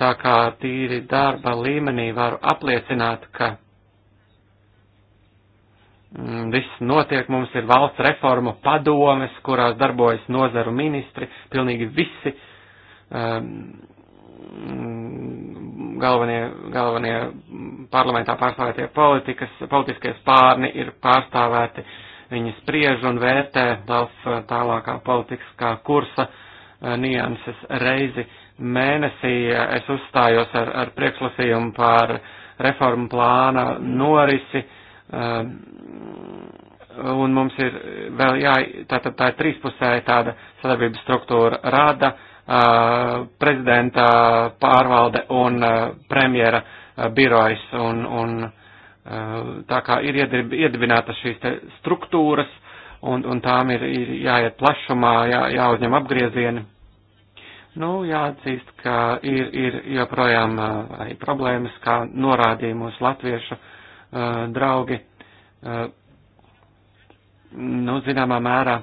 tā kā tīri darba līmenī varu apliecināt, ka Mm, viss notiek, mums ir valsts reformu padomes, kurās darbojas nozaru ministri, pilnīgi visi um, mm, galvenie, galvenie parlamentā pārstāvētie politikas, politiskie spārni ir pārstāvēti, viņi spriež un vērtē valsts uh, tālākā politiskā kursa uh, nianses reizi mēnesī. Es uzstājos ar, ar priekšlasījumu par reformu plāna norisi Um, un mums ir vēl jā, tā, tā, tā ir trīspusēja tāda sadarbības struktūra rāda, uh, prezidenta pārvalde un uh, premjera uh, birojs. Un, un tā kā ir iedibinātas šīs struktūras, un, un tām ir, ir jāiet plašumā, jā, jāuzņem apgriezieni. Nu, jāatzīst, ka ir, ir joprojām arī problēmas, kā norādīja mūsu latviešu uh, Eh, draugi, eh, nu, zināmā mērā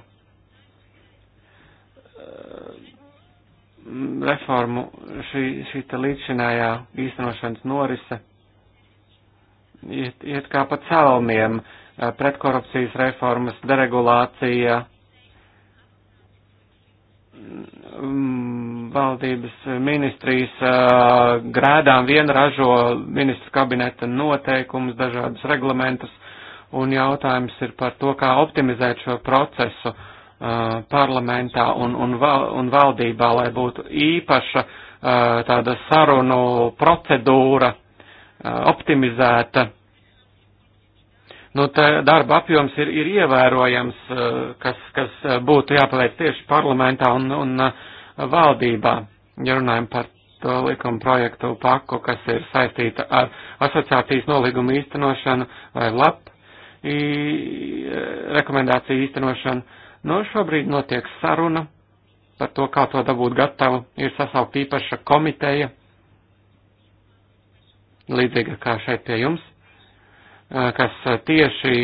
eh, reformu šī, šī te līdzinājā īstenošanas norise iet, iet kā pa celmiem pretkorupcijas reformas, deregulācija, mm, valdības eh, ministrijas eh, grēdām vien ražo ministra kabineta noteikumus, dažādus reglamentus, un jautājums ir par to, kā optimizēt šo procesu eh, parlamentā un, un, val, un valdībā, lai būtu īpaša tāda sarunu procedūra optimizēta. Nu, darba apjoms ir, ir ievērojams, kas, kas būtu jāpaveic tieši parlamentā un, un uh, valdībā, ja runājam par to likuma projektu paku, kas ir saistīta ar asociācijas nolīgumu īstenošanu vai lap rekomendāciju īstenošanu. Nu, no šobrīd notiek saruna par to, kā to dabūt gatavu. Ir sasaukt īpaša komiteja, līdzīga kā šeit pie jums, kas tieši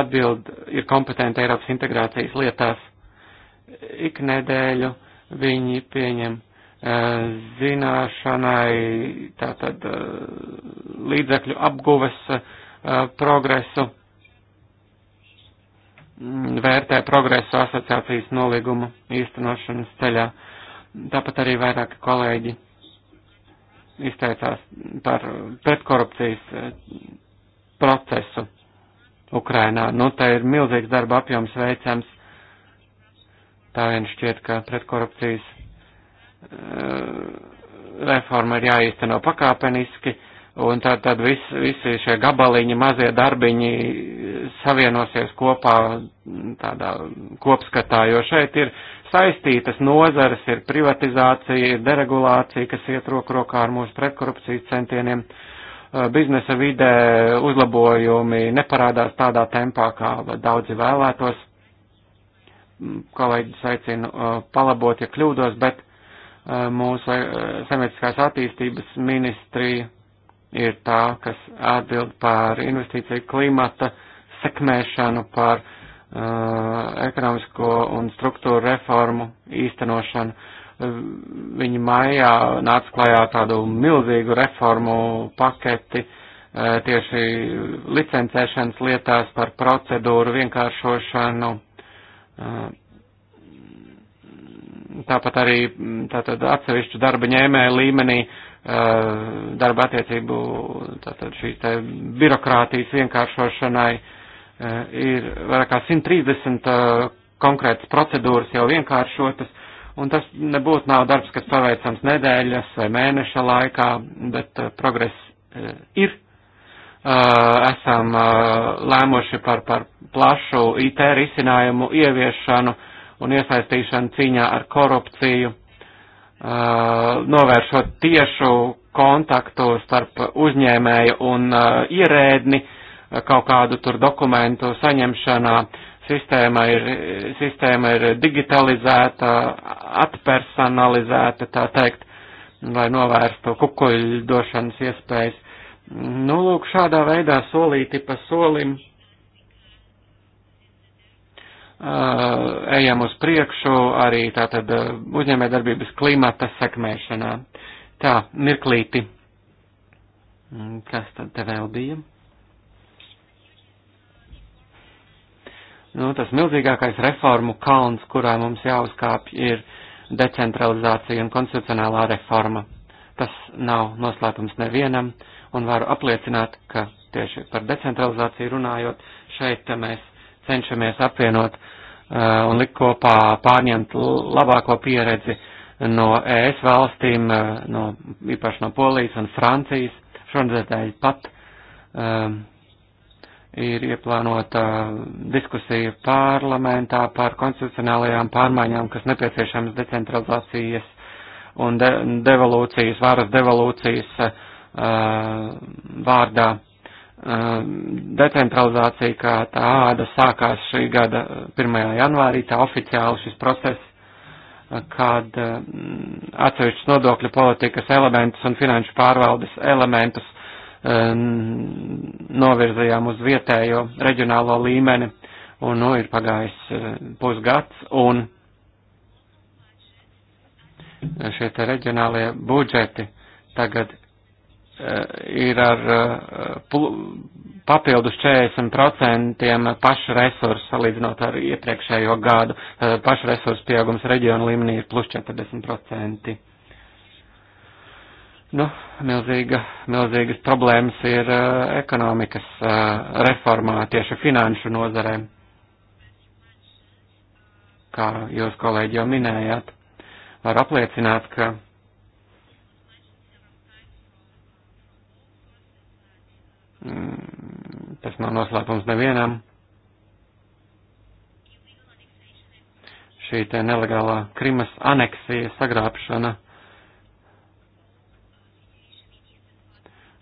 atbild ir kompetenta Eiropas integrācijas lietās ik nedēļu viņi pieņem eh, zināšanai, tātad eh, līdzekļu apguves eh, progresu, mm, vērtē progresu asociācijas nolīgumu īstenošanas ceļā. Tāpat arī vairāki kolēģi izteicās par pretkorupcijas procesu Ukrainā. Nu, tā ir milzīgs darba apjoms veicams Tā vien šķiet, ka pretkorupcijas eh, reforma ir jāīsteno pakāpeniski, un tad, tad vis, visi šie gabaliņi, mazie darbiņi savienosies kopā tādā kopskatā, jo šeit ir saistītas nozares, ir privatizācija, ir deregulācija, kas iet roku rokā ar mūsu pretkorupcijas centieniem. Eh, biznesa vidē uzlabojumi neparādās tādā tempā, kā daudzi vēlētos kolēģis aicinu uh, palabot, ja kļūdos, bet uh, mūsu zemesiskās uh, attīstības ministrija ir tā, kas atbild par investīciju klimata sekmēšanu, par uh, ekonomisko un struktūru reformu īstenošanu. Viņi maijā nāca klajā tādu milzīgu reformu paketi uh, tieši licencēšanas lietās par procedūru vienkāršošanu, Tāpat arī mm, tātad atsevišķu darba ņēmēja līmenī darba attiecību tātad šīs tā birokrātijas vienkāršošanai ir vairāk kā 130 konkrētas procedūras jau vienkāršotas, un tas nebūtu nav darbs, kas paveicams nedēļas vai mēneša laikā, bet progress ir Eh, esam eh, lēmuši par, par plašu IT risinājumu ieviešanu un iesaistīšanu cīņā ar korupciju, eh, novēršot tiešu kontaktu starp uzņēmēju un ierēdni, kaut kādu tur dokumentu saņemšanā. Sistēma ir, sistēma ir digitalizēta, atpersonalizēta, tā teikt, lai novērstu kukuļdošanas iespējas. Nu, lūk, šādā veidā solīti pa solim uh, ejam uz priekšu arī tātad uh, uzņēmē darbības klimata sekmēšanā. Tā, mirklīti. Kas tad te vēl bija? Nu, tas milzīgākais reformu kalns, kurā mums jāuzkāpj, ir decentralizācija un konstitucionālā reforma. Tas nav noslēpums nevienam. Uh, un varu apliecināt, ka tieši par decentralizāciju runājot, šeit mēs cenšamies apvienot uh, un likt kopā pārņemt labāko pieredzi no ES valstīm, uh, no, īpaši no Polijas un Francijas. Šonadēļ pat um, ir ieplānota diskusija parlamentā par konstitucionālajām pārmaiņām, kas nepieciešams decentralizācijas un de devolūcijas, varas devolūcijas uh, Uh, vārdā. Uh, decentralizācija kā tāda sākās šī gada 1. janvārī, tā oficiāli šis process uh, kad atsevišķus nodokļu politikas elementus un finanšu pārvaldes elementus um, novirzījām uz vietējo reģionālo līmeni, un nu ir pagājis pusgads, un šie te reģionālie budžeti tagad Eh, ir ar eh, papildus 40% pašu resursu salīdzinot ar iepriekšējo gadu. Eh, pašu resursu pieaugums reģionu līmenī ir plus 40%. Nu, milzīga, milzīgas problēmas ir ekonomikas reformā tieši finanšu nozarē, kā jūs kolēģi jau minējāt. Var apliecināt, ka Mm, tas nav noslēpums nevienam. Šī te nelegālā Krimas aneksija, sagrābšana.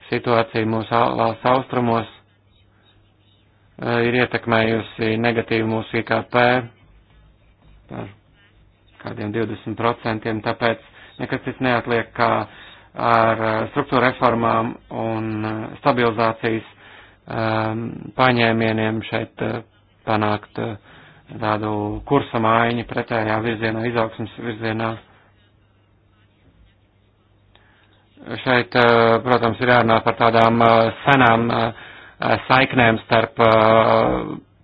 Situācija mūsu valsts austrumos eh, ir ietekmējusi negatīvi mūsu IKP par kādiem 20%, tāpēc nekas cits neatliek kā ar eh, struktūra reformām un eh, stabilizācijas ehm, paņēmieniem šeit eh, panākt tādu kursa maiņu pretējā virzienā, izaugsmas virzienā. Šeit, protams, ir jārunā par tādām senām saiknēm starp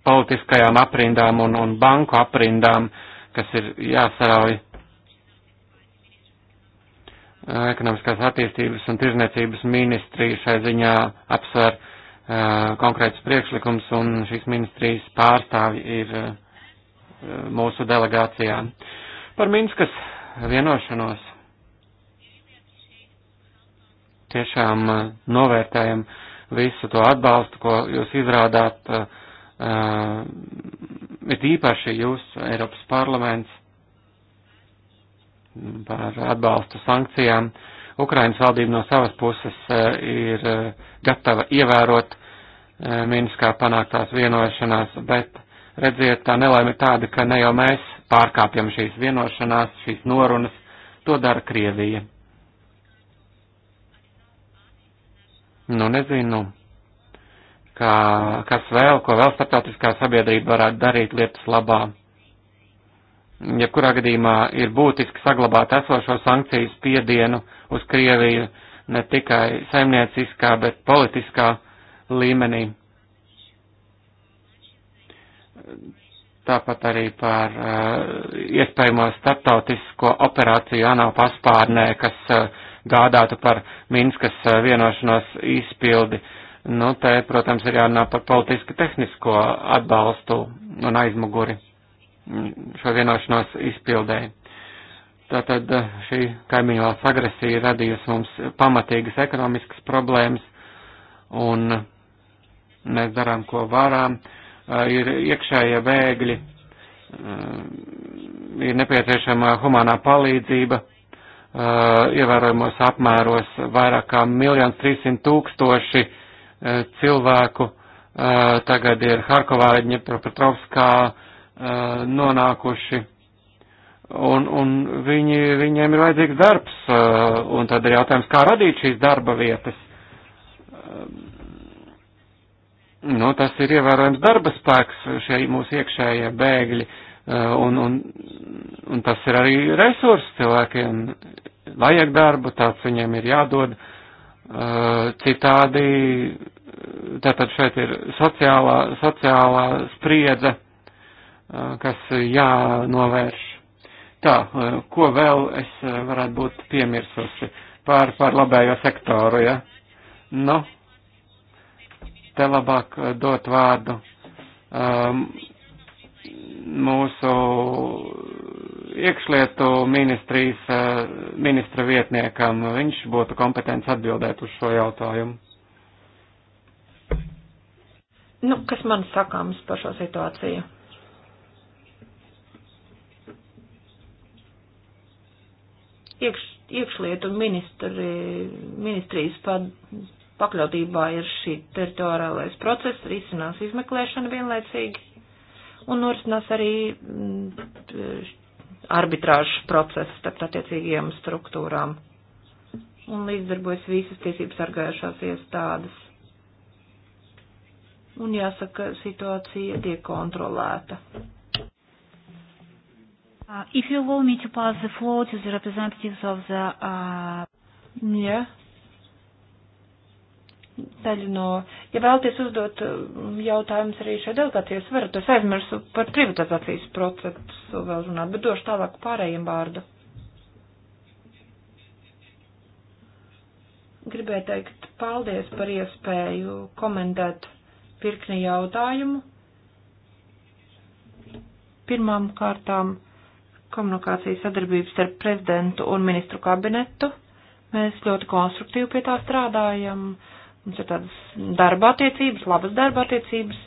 politiskajām aprindām un, un banku aprindām, kas ir jāsarauj Eh, ekonomiskās attīstības un tirzniecības ministrija šai ziņā apsver eh, konkrētus priekšlikums, un šīs ministrijas pārstāvji ir eh, mūsu delegācijā. Par Minskas vienošanos tiešām novērtējam visu to atbalstu, ko jūs izrādāt, ir īpaši jūs, Eiropas parlaments, par atbalstu sankcijām. Ukrainas valdība no savas puses eh, ir eh, gatava ievērot eh, Minskā panāktās vienošanās, bet redziet, tā nelaime tāda, ka ne jau mēs pārkāpjam šīs vienošanās, šīs norunas, to dara Krievija. Nu, nezinu, kā, kas vēl, ko vēl starptautiskā sabiedrība varētu darīt lietas labā jebkurā gadījumā ir būtiski saglabāt esošo sankciju spiedienu uz Krieviju ne tikai saimnieciskā, bet politiskā līmenī. Tāpat arī par uh, iespējamo starptautisko operāciju ANO paspārnē, kas uh, gādātu par Minskas uh, vienošanos izpildi. Nu, te, protams, ir jārunā par politiski tehnisko atbalstu un aizmuguri šo vienošanos izpildēji. Tātad eh, šī kaimiņu valsts agresija radījusi mums pamatīgas ekonomiskas problēmas, un mēs darām, ko varam. Eh, ir iekšējie bēgļi, eh, ir nepieciešama humanā palīdzība, ievērojamos apmēros vairāk kā 1 300 tūkstoši cilvēku tagad ir Harkovā, Ņepropetrovskā, Eh, nonākuši. Un, un viņi, viņiem ir vajadzīgs darbs, eh, un tad ir jautājums, kā radīt šīs darba vietas. Eh, nu, tas ir ievērojams darba spēks, šie mūsu iekšējie bēgļi, un, un, un tas ir arī resurss cilvēkiem. Vajag darbu, tāds viņiem ir jādod. Citādi, tātad šeit ir sociālā, sociālā spriedze kas jānovērš. Tā, ko vēl es varētu būt piemirsusi par, par labējo sektoru, ja? Nu, te labāk dot vārdu um, mūsu iekšlietu ministrijas uh, ministra vietniekam. Viņš būtu kompetents atbildēt uz šo jautājumu. Nu, kas man sakāms par šo situāciju? iekš, iekšlietu ministri, ministrijas pad, pakļautībā ir šī teritoriālais process, risinās izmeklēšana vienlaicīgi un norisinās arī mm, arbitrāžu procesu starp attiecīgajām struktūrām. Un līdzdarbojas visas tiesības sargājušās iestādes. Un jāsaka, situācija tiek kontrolēta. Uh, if you allow me to pass the floor to the representatives of the. Uh... Yeah. Daļu no, ja vēlaties uzdot um, jautājumus arī šai delegācijas, varat, es aizmirsu par privatizācijas procesu vēl runāt, bet došu tālāk pārējiem vārdu. Gribēju teikt paldies par iespēju komentēt pirkni jautājumu. Pirmām kārtām komunikācijas sadarbības ar prezidentu un ministru kabinetu. Mēs ļoti konstruktīvi pie tā strādājam. Mums ir tādas darba attiecības, labas darba attiecības.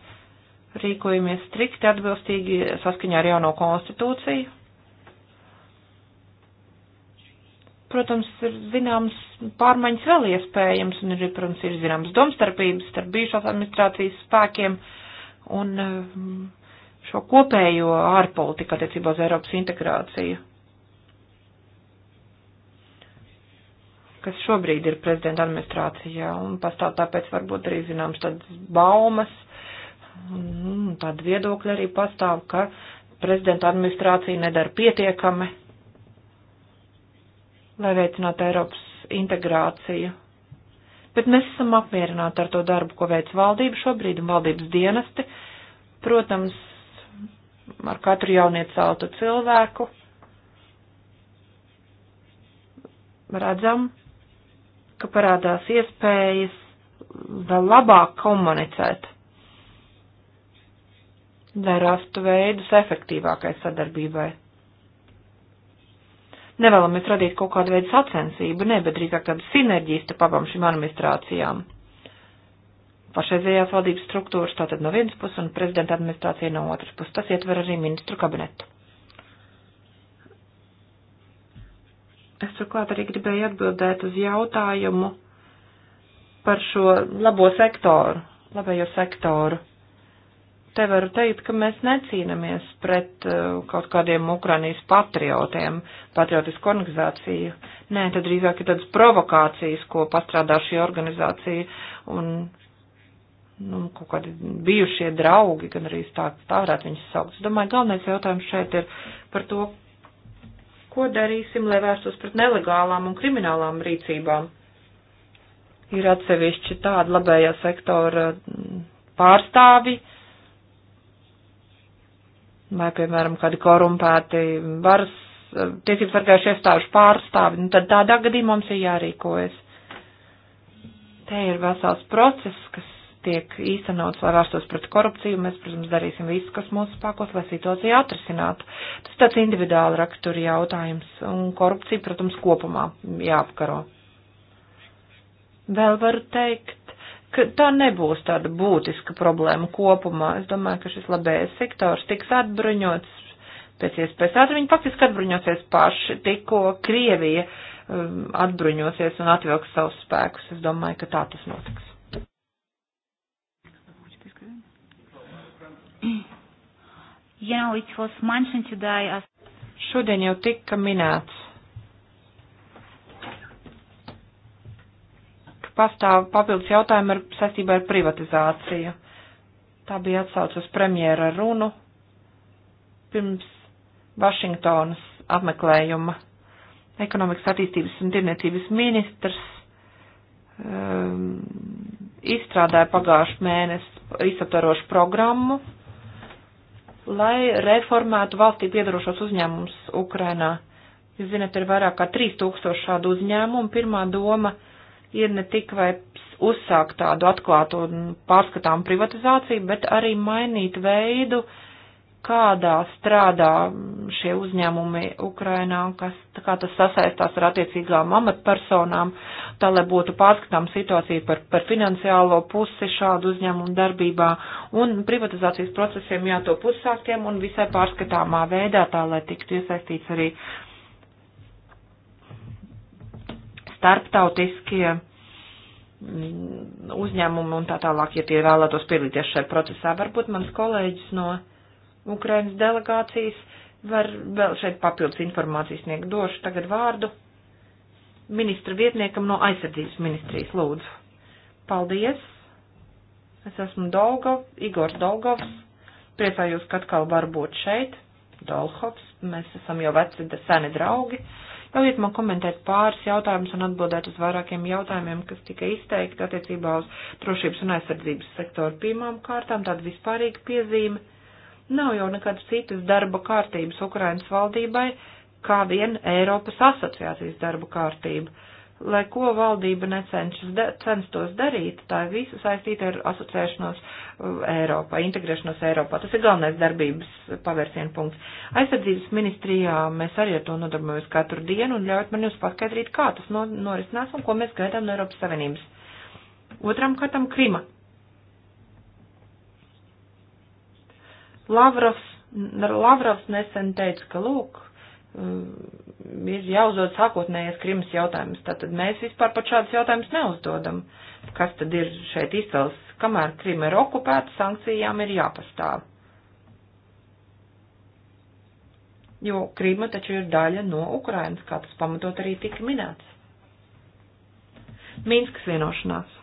Rīkojamies strikti, atbilstīgi saskaņā ar jauno konstitūciju. Protams, ir zināms pārmaiņas vēl iespējams un ir, protams, ir zināms domstarpības starp bijušās administrācijas spēkiem un šo kopējo ārpolitiku attiecībā uz Eiropas integrāciju, kas šobrīd ir prezidenta administrācijā, un pastāv tāpēc varbūt arī zināms tādas baumas, un tāda viedokļa arī pastāv, ka prezidenta administrācija nedara pietiekami, lai veicinātu Eiropas integrāciju. Bet mēs esam apmierināti ar to darbu, ko veic valdība šobrīd un valdības dienesti. Protams, ar katru jaunieceltu cilvēku redzam, ka parādās iespējas vēl labāk komunicēt, lai rastu veidus efektīvākai sadarbībai. Nevēlamies radīt kaut kādu veidu sacensību, ne, bet drīzāk tādu sinerģiju starp abām šīm administrācijām pašreizējās valdības struktūras, tātad no vienas puses, un prezidenta administrācija no otras puses. Tas ietver arī ministru kabinetu. Es turklāt arī gribēju atbildēt uz jautājumu par šo labo sektoru, labējo sektoru. Te varu teikt, ka mēs necīnamies pret uh, kaut kādiem Ukrainijas patriotiem, patriotisku organizāciju. Nē, tad drīzāk ir tādas provokācijas, ko pastrādā šī organizācija, un nu, kaut kādi bijušie draugi, gan arī tā, tā varētu viņus saukt. Es domāju, galvenais jautājums šeit ir par to, ko darīsim, lai vērstos pret nelegālām un kriminālām rīcībām. Ir atsevišķi tāda labējā sektora mm, pārstāvi, vai, piemēram, kādi korumpēti varas eh, tiesības sargājuši iestāžu pārstāvi, nu tad tādā gadījumā mums ir jārīkojas. Te ir vesels process, kas tiek īstenots, lai vērstos pret korupciju. Mēs, protams, darīsim visu, kas mūsu spēkos, lai situāciju atrisinātu. Tas tāds individuāli rakstura jautājums, un korupcija, protams, kopumā jāapkaro. Vēl varu teikt, ka tā nebūs tāda būtiska problēma kopumā. Es domāju, ka šis labējais sektors tiks atbruņots pēc iespējas ātri. Viņi faktiski atbruņosies paši, tikko Krievija um, atbruņosies un atvilks savus spēkus. Es domāju, ka tā tas notiks. you know, it was mentioned today as. Šodien jau tika minēts, ka pastāv papildus jautājumi ar saistībā ar privatizāciju. Tā bija atsauce uz premjera runu pirms Vašingtonas apmeklējuma. Ekonomikas attīstības un tirniecības ministrs um, izstrādāja pagājušu mēnesi izsaptarošu programmu lai reformētu valstī piedarošos uzņēmumus Ukrainā. Jūs zināt, ir vairāk kā 3000 šādu uzņēmumu. Pirmā doma ir ne tikai uzsākt tādu atklātu un pārskatām privatizāciju, bet arī mainīt veidu, kādā strādā šie uzņēmumi Ukrainā, kas, kā tas sasaistās ar attiecīgām amatpersonām, tā lai būtu pārskatām situācija par, par finansiālo pusi šādu uzņēmumu darbībā un privatizācijas procesiem jātop uzsāktiem un visai pārskatāmā veidā, tā lai tiktu iesaistīts arī starptautiskie mm, uzņēmumi un tā tālāk, ja tie vēlētos piedalīties šajā procesā. Varbūt mans kolēģis no Ukrainas delegācijas var vēl šeit papildus informācijas sniegt. Došu tagad vārdu ministra vietniekam no aizsardzības ministrijas lūdzu. Paldies! Es esmu Dolgov, Igors Dolgovs. Priecājos, ka atkal var būt šeit. Dolhovs, mēs esam jau veci, seni draugi. Ļaujiet man komentēt pāris jautājumus un atbildēt uz vairākiem jautājumiem, kas tika izteikti attiecībā uz drošības un aizsardzības sektoru pirmām kārtām, tāda vispārīga piezīme. Nav jau nekādas citas darba kārtības Ukrainas valdībai, kā vien Eiropas asociācijas darbu kārtību. Lai ko valdība necenšas de, censtos darīt, tā ir visu saistīta ar asociēšanos uh, Eiropā, integrēšanos Eiropā. Tas ir galvenais darbības pavērsienu punkts. Aizsardzības ministrijā mēs arī ar to nodarbojamies katru dienu un ļaujat man jums paskaidrīt, kā tas no, norisinās un ko mēs gaidām no Eiropas Savienības. Otram kārtam Krima. Lavrovs, Lavrovs nesen teica, ka lūk, Um, ir jāuzdod sākotnējais krimas jautājums. Tātad mēs vispār pat šādus jautājumus neuzdodam. Kas tad ir šeit izcels? Kamēr krima ir okupēta, sankcijām ir jāpastāv. Jo krima taču ir daļa no Ukrainas, kā tas pamatot arī tika minēts. Mīnskas vienošanās.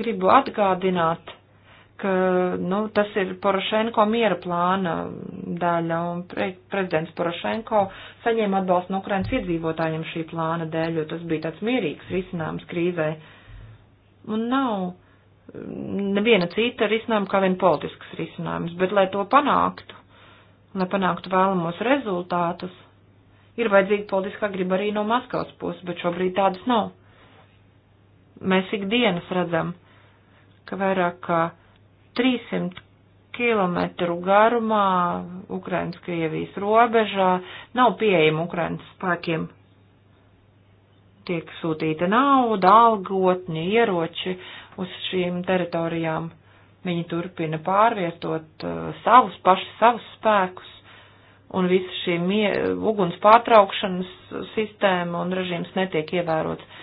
Gribu atgādināt ka nu, tas ir Porošenko miera plāna daļa, un pre prezidents Porošenko saņēma atbalstu no Ukrainas iedzīvotājiem šī plāna dēļ, jo tas bija tāds mierīgs risinājums krīzē. Un nav mm, neviena cita risinājuma kā vien politisks risinājums, bet lai to panāktu, lai panāktu vēlamos rezultātus, ir vajadzīga politiskā griba arī no Maskavas puses, bet šobrīd tādas nav. Mēs ikdienas redzam, ka vairāk kā 300 kilometru garumā Ukrainas-Krievijas robežā nav pieejama Ukrainas spēkiem. Tiek sūtīta nauda, algotņi, ieroči uz šīm teritorijām. Viņi turpina pārvietot uh, savus pašus, savus spēkus, un visa šī uguns pārtraukšanas sistēma un režīms netiek ievērots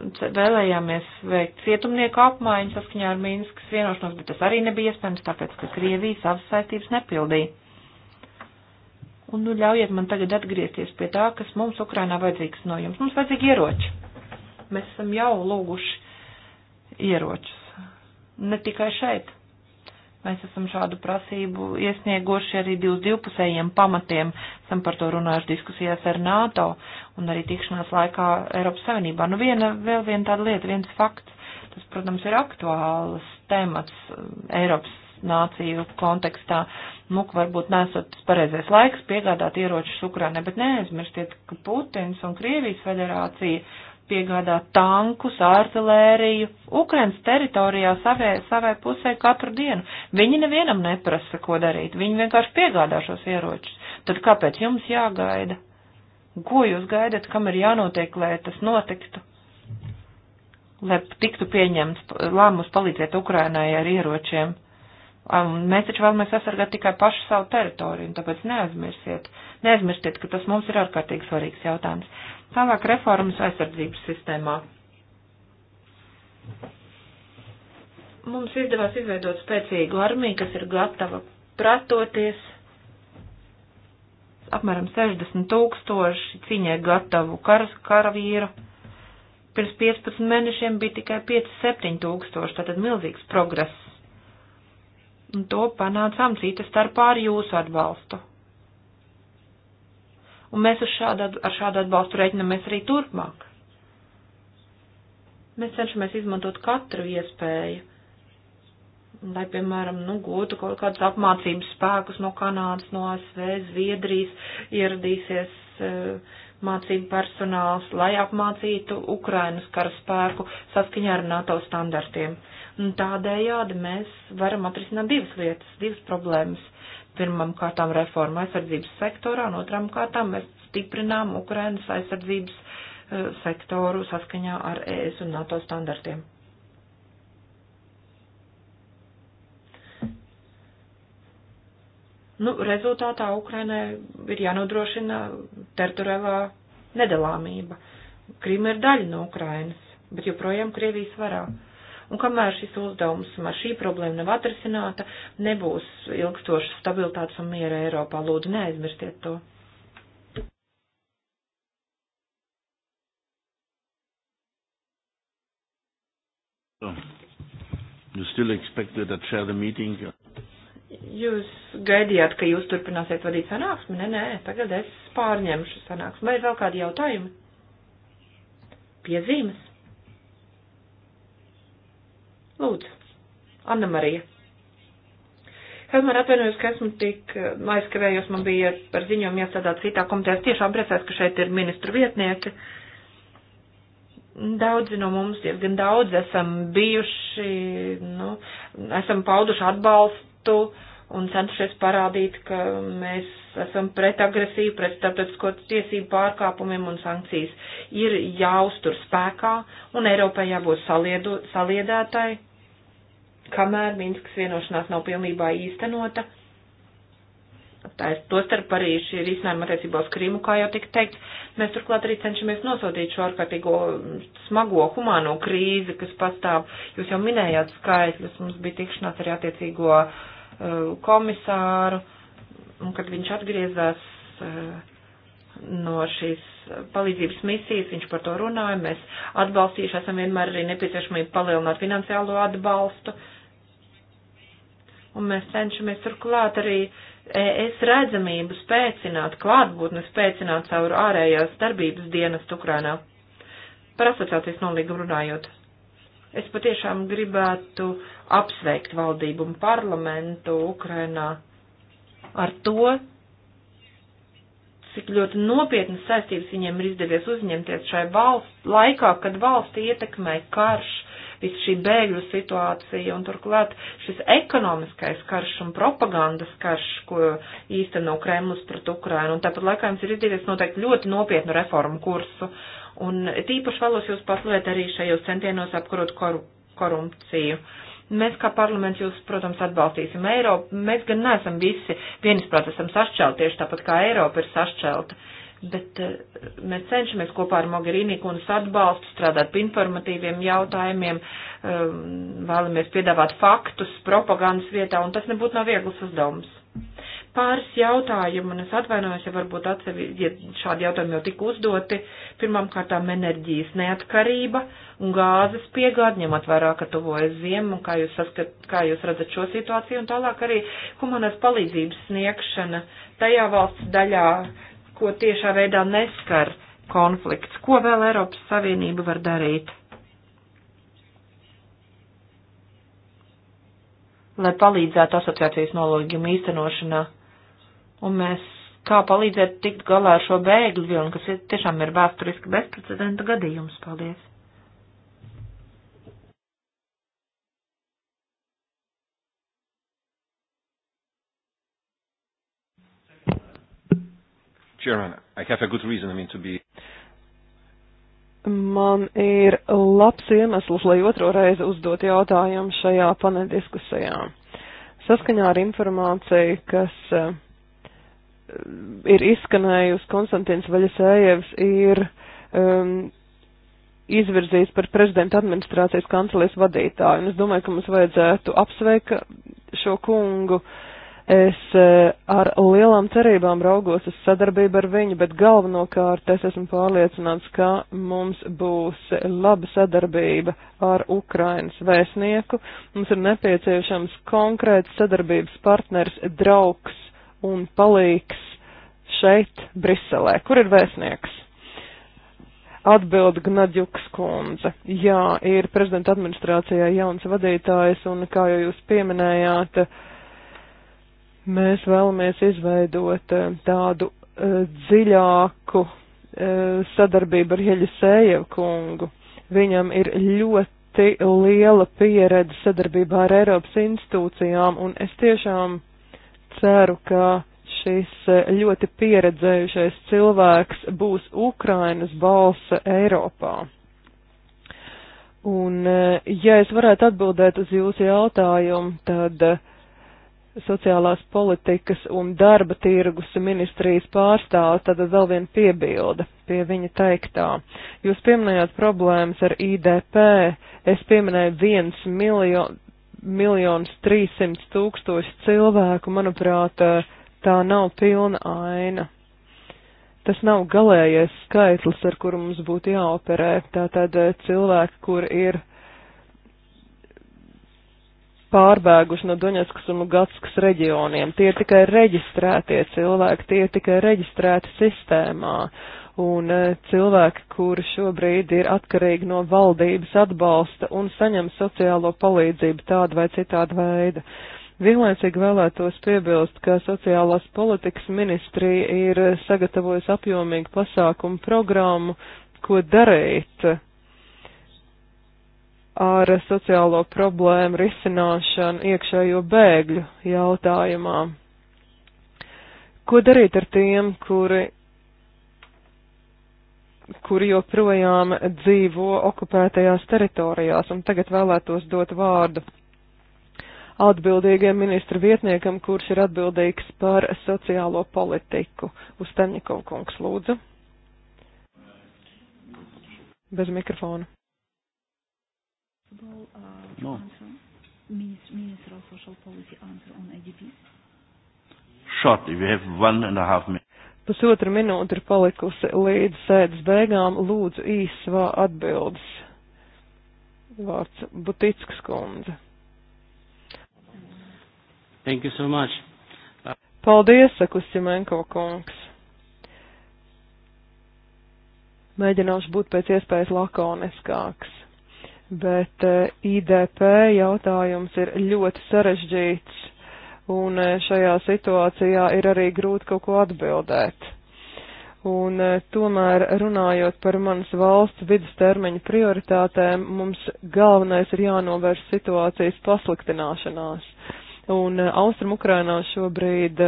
vēlējāmies veikt cietumnieku apmaiņu saskaņā ar Mīnskas vienošanos, bet tas arī nebija iespējams, tāpēc, ka Krievija savas saistības nepildīja. Un nu ļaujiet man tagad atgriezties pie tā, kas mums Ukrainā vajadzīgs no jums. Mums vajadzīgi ieroči. Mēs esam jau lūguši ieročus. Ne tikai šeit. Mēs esam šādu prasību iesnieguši arī divpusējiem pamatiem. Esam par to runājuši diskusijās ar NATO un arī tikšanās laikā Eiropas Savienībā. Nu, viena, vēl viena tāda lieta, viens fakts. Tas, protams, ir aktuāls temats uh, Eiropas nāciju kontekstā. Nu, ka varbūt nesat pareizais laiks piegādāt ieročus Ukrainai, bet neaizmirstiet, ka Putins un Krievijas federācija piegādā tankus, artilēriju, Ukrainas teritorijā savai, savai pusē katru dienu. Viņi nevienam neprasa, ko darīt, viņi vienkārši piegādā šos ieročus. Tad kāpēc jums jāgaida? Ko jūs gaidat, kam ir jānotiek, lai tas notiktu? Lai tiktu pieņemts lēmums palīdzēt Ukrainai ar ieročiem. Um, mēs taču vēlamies aizsargāt tikai pašu savu teritoriju, tāpēc neaizmirsiet, neaizmirstiet, ka tas mums ir ārkārtīgi svarīgs jautājums. Tālāk reformas aizsardzības sistēmā. Mums izdevās izveidot spēcīgu armiju, kas ir gatava pratoties apmēram 60 tūkstoši ciņai gatavu karas, karavīru. Pirms 15 mēnešiem bija tikai 5-7 tūkstoši, tātad milzīgs progress. Un to panācām cita starpā ar jūsu atbalstu un mēs ar šādu, ar šādu atbalstu reiķinamies arī turpmāk. Mēs cenšamies izmantot katru iespēju, lai, piemēram, nu, gūtu kaut kādus apmācības spēkus no Kanādas, no ASV, Zviedrijas, ieradīsies uh, mācību personāls, lai apmācītu Ukrainas karaspēku saskaņā ar NATO standartiem. Un tādējādi mēs varam atrisināt divas lietas, divas problēmas pirmam kārtām reforma aizsardzības sektorā, un otram kārtām mēs stiprinām Ukrainas aizsardzības uh, sektoru saskaņā ar ES un NATO standartiem. Nu, rezultātā Ukrainai ir jānodrošina teritoriālā nedalāmība. Krīma ir daļa no Ukrainas, bet joprojām Krievijas varā. Mm. Un kamēr šis uzdevums, kamēr šī problēma nav atrisināta, nebūs ilgstoša stabilitātes un miera Eiropā. Lūdzu, neaizmirstiet to. You still expected that share the meeting? Jūs gaidījāt, ka jūs turpināsiet vadīt sanāksmi? Nē, nē, tagad es pārņemšu sanāksmi. Vai ir vēl kādi jautājumi? Piezīmes? Lūdzu, Anna Marija. Helmer, atvainojos, ka esmu tik eh, aizkavējos, man bija par ziņojumu jāsadā citā komitejā. Es tiešām priecājos, ka šeit ir ministru vietnieki. Daudzi no mums, diezgan daudz, esam bijuši, nu, esam pauduši atbalstu un centušies parādīt, ka mēs esam pret agresiju, pret starptautisko tiesību pārkāpumiem un sankcijas. Ir jāuztur spēkā un Eiropai jābūt saliedu, saliedētai kamēr Minskas vienošanās nav pilnībā īstenota. Tā ir to starp arī šī risinājuma attiecībā uz Krīmu, kā jau tika teikt. Mēs turklāt arī cenšamies nosodīt šo ārkārtīgo smago humāno krīzi, kas pastāv. Jūs jau minējāt skaitļus, mums bija tikšanās arī attiecīgo uh, komisāru, un kad viņš atgriezās uh, no šīs palīdzības misijas, viņš par to runāja, mēs atbalstījuši esam vienmēr arī nepieciešamību palielināt finansiālo atbalstu. Uh, un mēs cenšamies turklāt arī es redzamību spēcināt, klātbūtni spēcināt caur ārējās darbības dienas Ukrainā. Par asociācijas nolīgumu runājot. Es patiešām gribētu apsveikt valdību un parlamentu Ukrainā ar to, cik ļoti nopietnas saistības viņiem ir izdevies uzņemties šai valsts laikā, kad valsti ietekmē karš visa šī bēgļu situācija un turklāt šis ekonomiskais karš un propagandas karš, ko īsteno Kremlis pret Ukrainu. Un tāpat laikā jums ir izdevies noteikti ļoti nopietnu reformu kursu. Un tīpaši vēlos jūs paslēt arī šajos centienos apkarot kor korupciju. Mēs kā parlaments jūs, protams, atbalstīsim Eiropu. Mēs gan neesam visi vienisprāt, esam sašķelti, tieši tāpat kā Eiropa ir sašķelta. Uh, bet eh, mēs cenšamies kopā ar Mogherini kundas atbalstu strādāt pie informatīviem jautājumiem, ehm, vēlamies piedāvāt faktus propagandas vietā, un tas nebūtu nav viegls uzdevums. Pāris jautājumu, un es atvainojos, ja varbūt atsevi, ja šādi jautājumi jau tika uzdoti. Pirmām kārtām enerģijas neatkarība un gāzes piegāde, ņemot vērā, ka tuvojas ziema, un kā jūs, saskat, kā jūs redzat šo situāciju, un tālāk arī humanās palīdzības sniegšana tajā valsts daļā, uh, ko tiešā veidā neskar konflikts. Ko vēl Eiropas Savienība var darīt? Lai palīdzētu asociācijas nolūgumu īstenošanā. Un mēs kā palīdzēt tikt galā ar šo bēgļu vilnu, kas tiešām ir vēsturiski bezprecedenta gadījums. Paldies! Chairman. I have a good reason, I mean, to be. Man ir labs iemesls, lai otro reizi uzdot jautājumu šajā paneldiskusijā. Saskaņā ar informāciju, kas eh, ir izskanējusi, Konstantins Vaļasējevs ir um, ehm, izvirzīts par prezidenta administrācijas kancelēs vadītāju. Un es domāju, ka mums vajadzētu apsveikt šo kungu. Uh, Es e, ar lielām cerībām raugos uz sadarbību ar viņu, bet galvenokārt es esmu pārliecināts, ka mums būs laba sadarbība ar Ukrainas vēstnieku. Mums ir nepieciešams konkrēts sadarbības partners, draugs un palīgs šeit, Briselē. Kur ir vēstnieks? Atbild Gnadjuks kundze. Jā, ir prezidenta administrācijā jauns vadītājs un, kā jau jūs pieminējāt, uh, Mēs vēlamies izveidot eh, tādu uh, dziļāku uh, sadarbību ar Heļasējevu kungu. Viņam ir ļoti liela pieredze sadarbībā ar Eiropas institūcijām, un es tiešām ceru, ka šis ļoti pieredzējušais cilvēks būs Ukrainas balsa Eiropā. Un, ja es varētu atbildēt uz jūsu jautājumu, tad uh, sociālās politikas un darba tirgus ministrijas pārstāvis, tad vēl viena piebilda pie viņa teiktā. Jūs pieminējāt problēmas ar IDP, es pieminēju 1 miljon, miljonus 300 tūkstoši cilvēku, manuprāt, tā nav pilna aina. Tas nav galējais skaitlis, ar kuru mums būtu jāoperē. Tātad cilvēki, kur ir pārbēguši no Doņetskas un Lugatskas reģioniem. Tie ir tikai reģistrētie cilvēki, tie ir tikai reģistrēti sistēmā. Un eh, cilvēki, kuri šobrīd ir atkarīgi no valdības atbalsta un saņem sociālo palīdzību tādu vai citādu veidu. Vienlaicīgi vēlētos piebilst, ka sociālās politikas ministrija ir eh, sagatavojusi apjomīgu pasākumu programmu, ko darīt ar sociālo problēmu risināšanu iekšējo bēgļu jautājumā. Ko darīt ar tiem, kuri, kuri joprojām dzīvo okupētajās teritorijās? Un tagad vēlētos dot vārdu atbildīgiem ministra vietniekam, kurš ir atbildīgs par sociālo politiku. Uz Temņikov kungs lūdzu. Bez mikrofona possible uh, no. answer? Minister, Minister of Social Policy answer on ADP? Shortly, we have one and a half minutes. Pusotra minūte ir palikusi līdz sēdes beigām. Lūdzu, īsvā atbildes. Vārds Butickas kundze. Thank you so much. Paldies, saka Simenko kungs. Mēģināšu būt pēc iespējas lakoniskāks bet eh, IDP jautājums ir ļoti sarežģīts, un eh, šajā situācijā ir arī grūti kaut ko atbildēt. Un eh, tomēr runājot par manas valsts vidustermiņa prioritātēm, mums galvenais ir jānovērš situācijas pasliktināšanās. Un Austrum Ukrainā šobrīd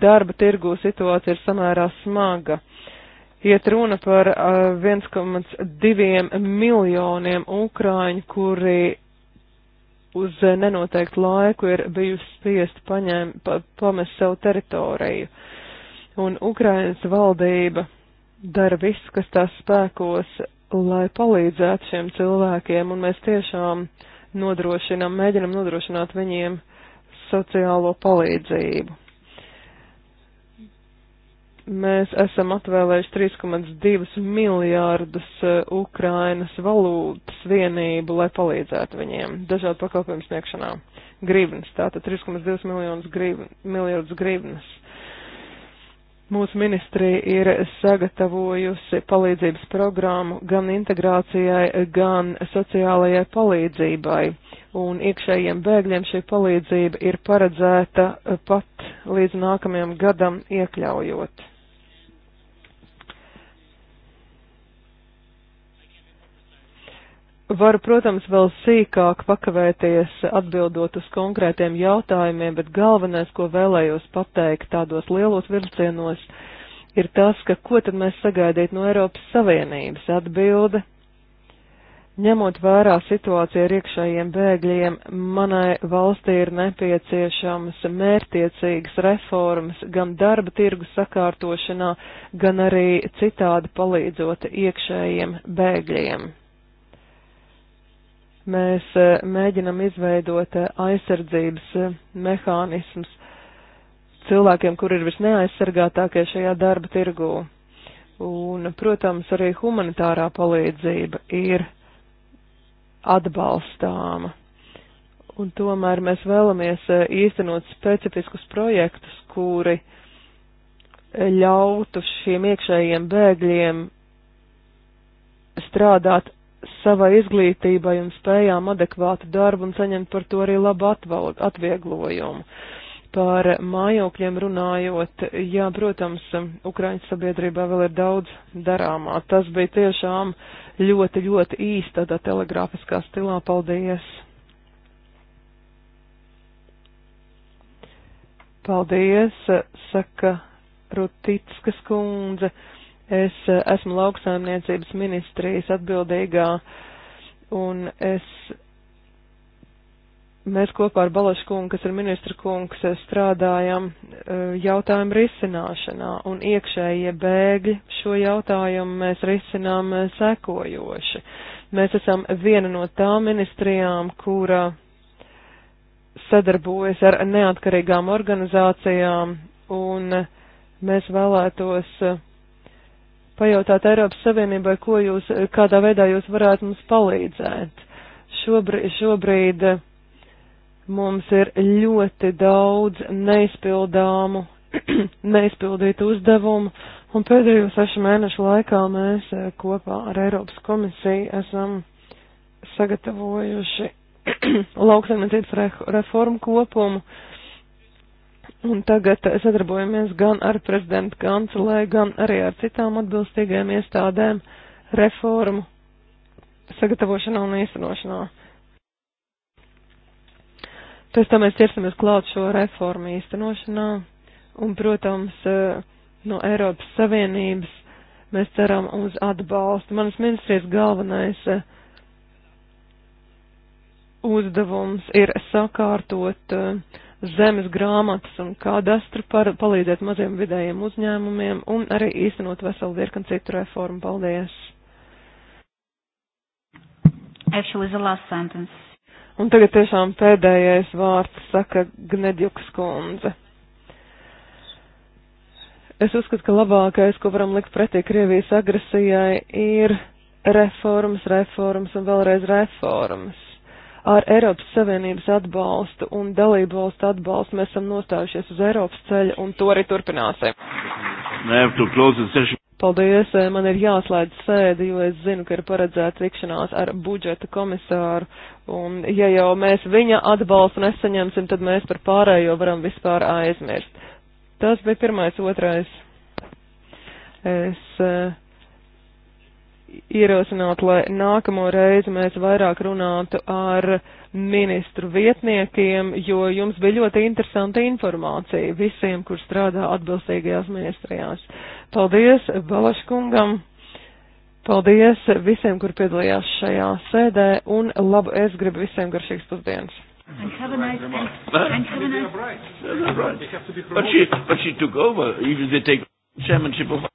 darba tirgu situācija ir samērā smaga. Uh, iet runa par 1,2 uh, miljoniem ukrāņu, kuri uz nenoteiktu laiku ir bijusi spiest paņēm, pa, pamest savu teritoriju. Un Ukrainas valdība dara visu, kas tās spēkos, lai palīdzētu šiem cilvēkiem, un mēs tiešām nodrošinām, mēģinam nodrošināt viņiem sociālo palīdzību. Mēs esam atvēlējuši 3,2 miljārdus eh, Ukrainas valūtas vienību, lai palīdzētu viņiem dažādu pakalpojumu sniegšanā. Grīvnes, tātad 3,2 miljonus grīv, miljardus grīvnes. Mūsu ministrija ir sagatavojusi palīdzības programmu gan integrācijai, gan sociālajai palīdzībai, un iekšējiem bēgļiem šī palīdzība ir paredzēta eh, pat līdz nākamajam gadam iekļaujot. Varu, protams, vēl sīkāk pakavēties atbildot uz konkrētiem jautājumiem, bet galvenais, ko vēlējos pateikt tādos lielos vilcienos, ir tas, ka ko tad mēs sagaidīt no Eiropas Savienības atbilde. Ņemot vērā situāciju ar iekšējiem bēgļiem, manai valstī ir nepieciešamas mērtiecīgas reformas gan darba tirgu sakārtošanā, gan arī citādi palīdzot iekšējiem bēgļiem. Mēs e, mēģinam izveidot e, aizsardzības e, mehānismus cilvēkiem, kur ir visneaizsargātākie šajā darba tirgū. Un, protams, arī humanitārā palīdzība ir atbalstāma. Un tomēr mēs vēlamies īstenot specifiskus projektus, kuri ļautu šiem iekšējiem bēgļiem strādāt savai izglītībai un spējām adekvātu darbu un saņemt par to arī labu atvaldu, atvieglojumu. Par mājokļiem runājot, jā, protams, Ukraiņas sabiedrībā vēl ir daudz darāmā. Tas bija tiešām ļoti, ļoti īsti tādā telegrāfiskā stilā. Paldies! Paldies, saka Rutickas kundze. Es eh, esmu lauksaimniecības ministrijas atbildīgā, un es, mēs kopā ar Balašu kungu, kas ir ministra kungs, eh, strādājam eh, jautājumu risināšanā, un iekšējie bēgļi šo jautājumu mēs risinām sekojoši. Mēs esam viena no tām ministrijām, kura sadarbojas ar neatkarīgām organizācijām, un mēs vēlētos uh, pajautāt Eiropas Savienībai, ko jūs, kādā veidā jūs varētu mums palīdzēt. Šobrīd, šobrīd eh, mums ir ļoti daudz neizpildāmu, [CLEARS THROAT] neizpildītu uzdevumu, un pēdējo sešu mēnešu laikā mēs eh, kopā ar Eiropas komisiju esam sagatavojuši [CLEARS THROAT] lauksaimniecības reformu kopumu Un tagad sadarbojamies gan ar prezidentu kancelē, gan arī ar citām atbilstīgajām iestādēm reformu sagatavošanā un īstenošanā. Pēc tam mēs ķersimies klāt šo reformu īstenošanā un, protams, eh, no Eiropas Savienības mēs ceram uz atbalstu. Manas ministrijas galvenais eh, uzdevums ir sakārtot uh, zemes grāmatas un kādastru par palīdzēt maziem vidējiem uzņēmumiem un arī īstenot veselu virkni citu reformu. Paldies! Actually, the last sentence. Un tagad tiešām pēdējais vārds saka Gnedjuks kundze. Es uzskatu, ka labākais, ko varam likt pretī Krievijas agresijai, ir reformas, reformas un vēlreiz reformas ar Eiropas Savienības atbalstu un dalību valstu atbalstu mēs esam nostājušies uz Eiropas ceļa un to arī turpināsim. Paldies, eh, man ir jāslēdz sēdi, jo es zinu, ka ir paredzēta tikšanās ar budžeta komisāru, un ja jau mēs viņa atbalstu nesaņemsim, tad mēs par pārējo varam vispār aizmirst. Tas bija pirmais, otrais. Es uh, ierosināt, lai nākamo reizi mēs vairāk runātu ar ministru vietniekiem, jo jums bija ļoti interesanta informācija visiem, kur strādā atbilstīgajās ministrijās. Paldies Balaškungam, paldies visiem, kur piedalījās šajā sēdē, un labu es gribu visiem garšīgas pusdienas. And have a nice, and, and have a nice. Right. Right. But she, but she took over. Even they take chairmanship of.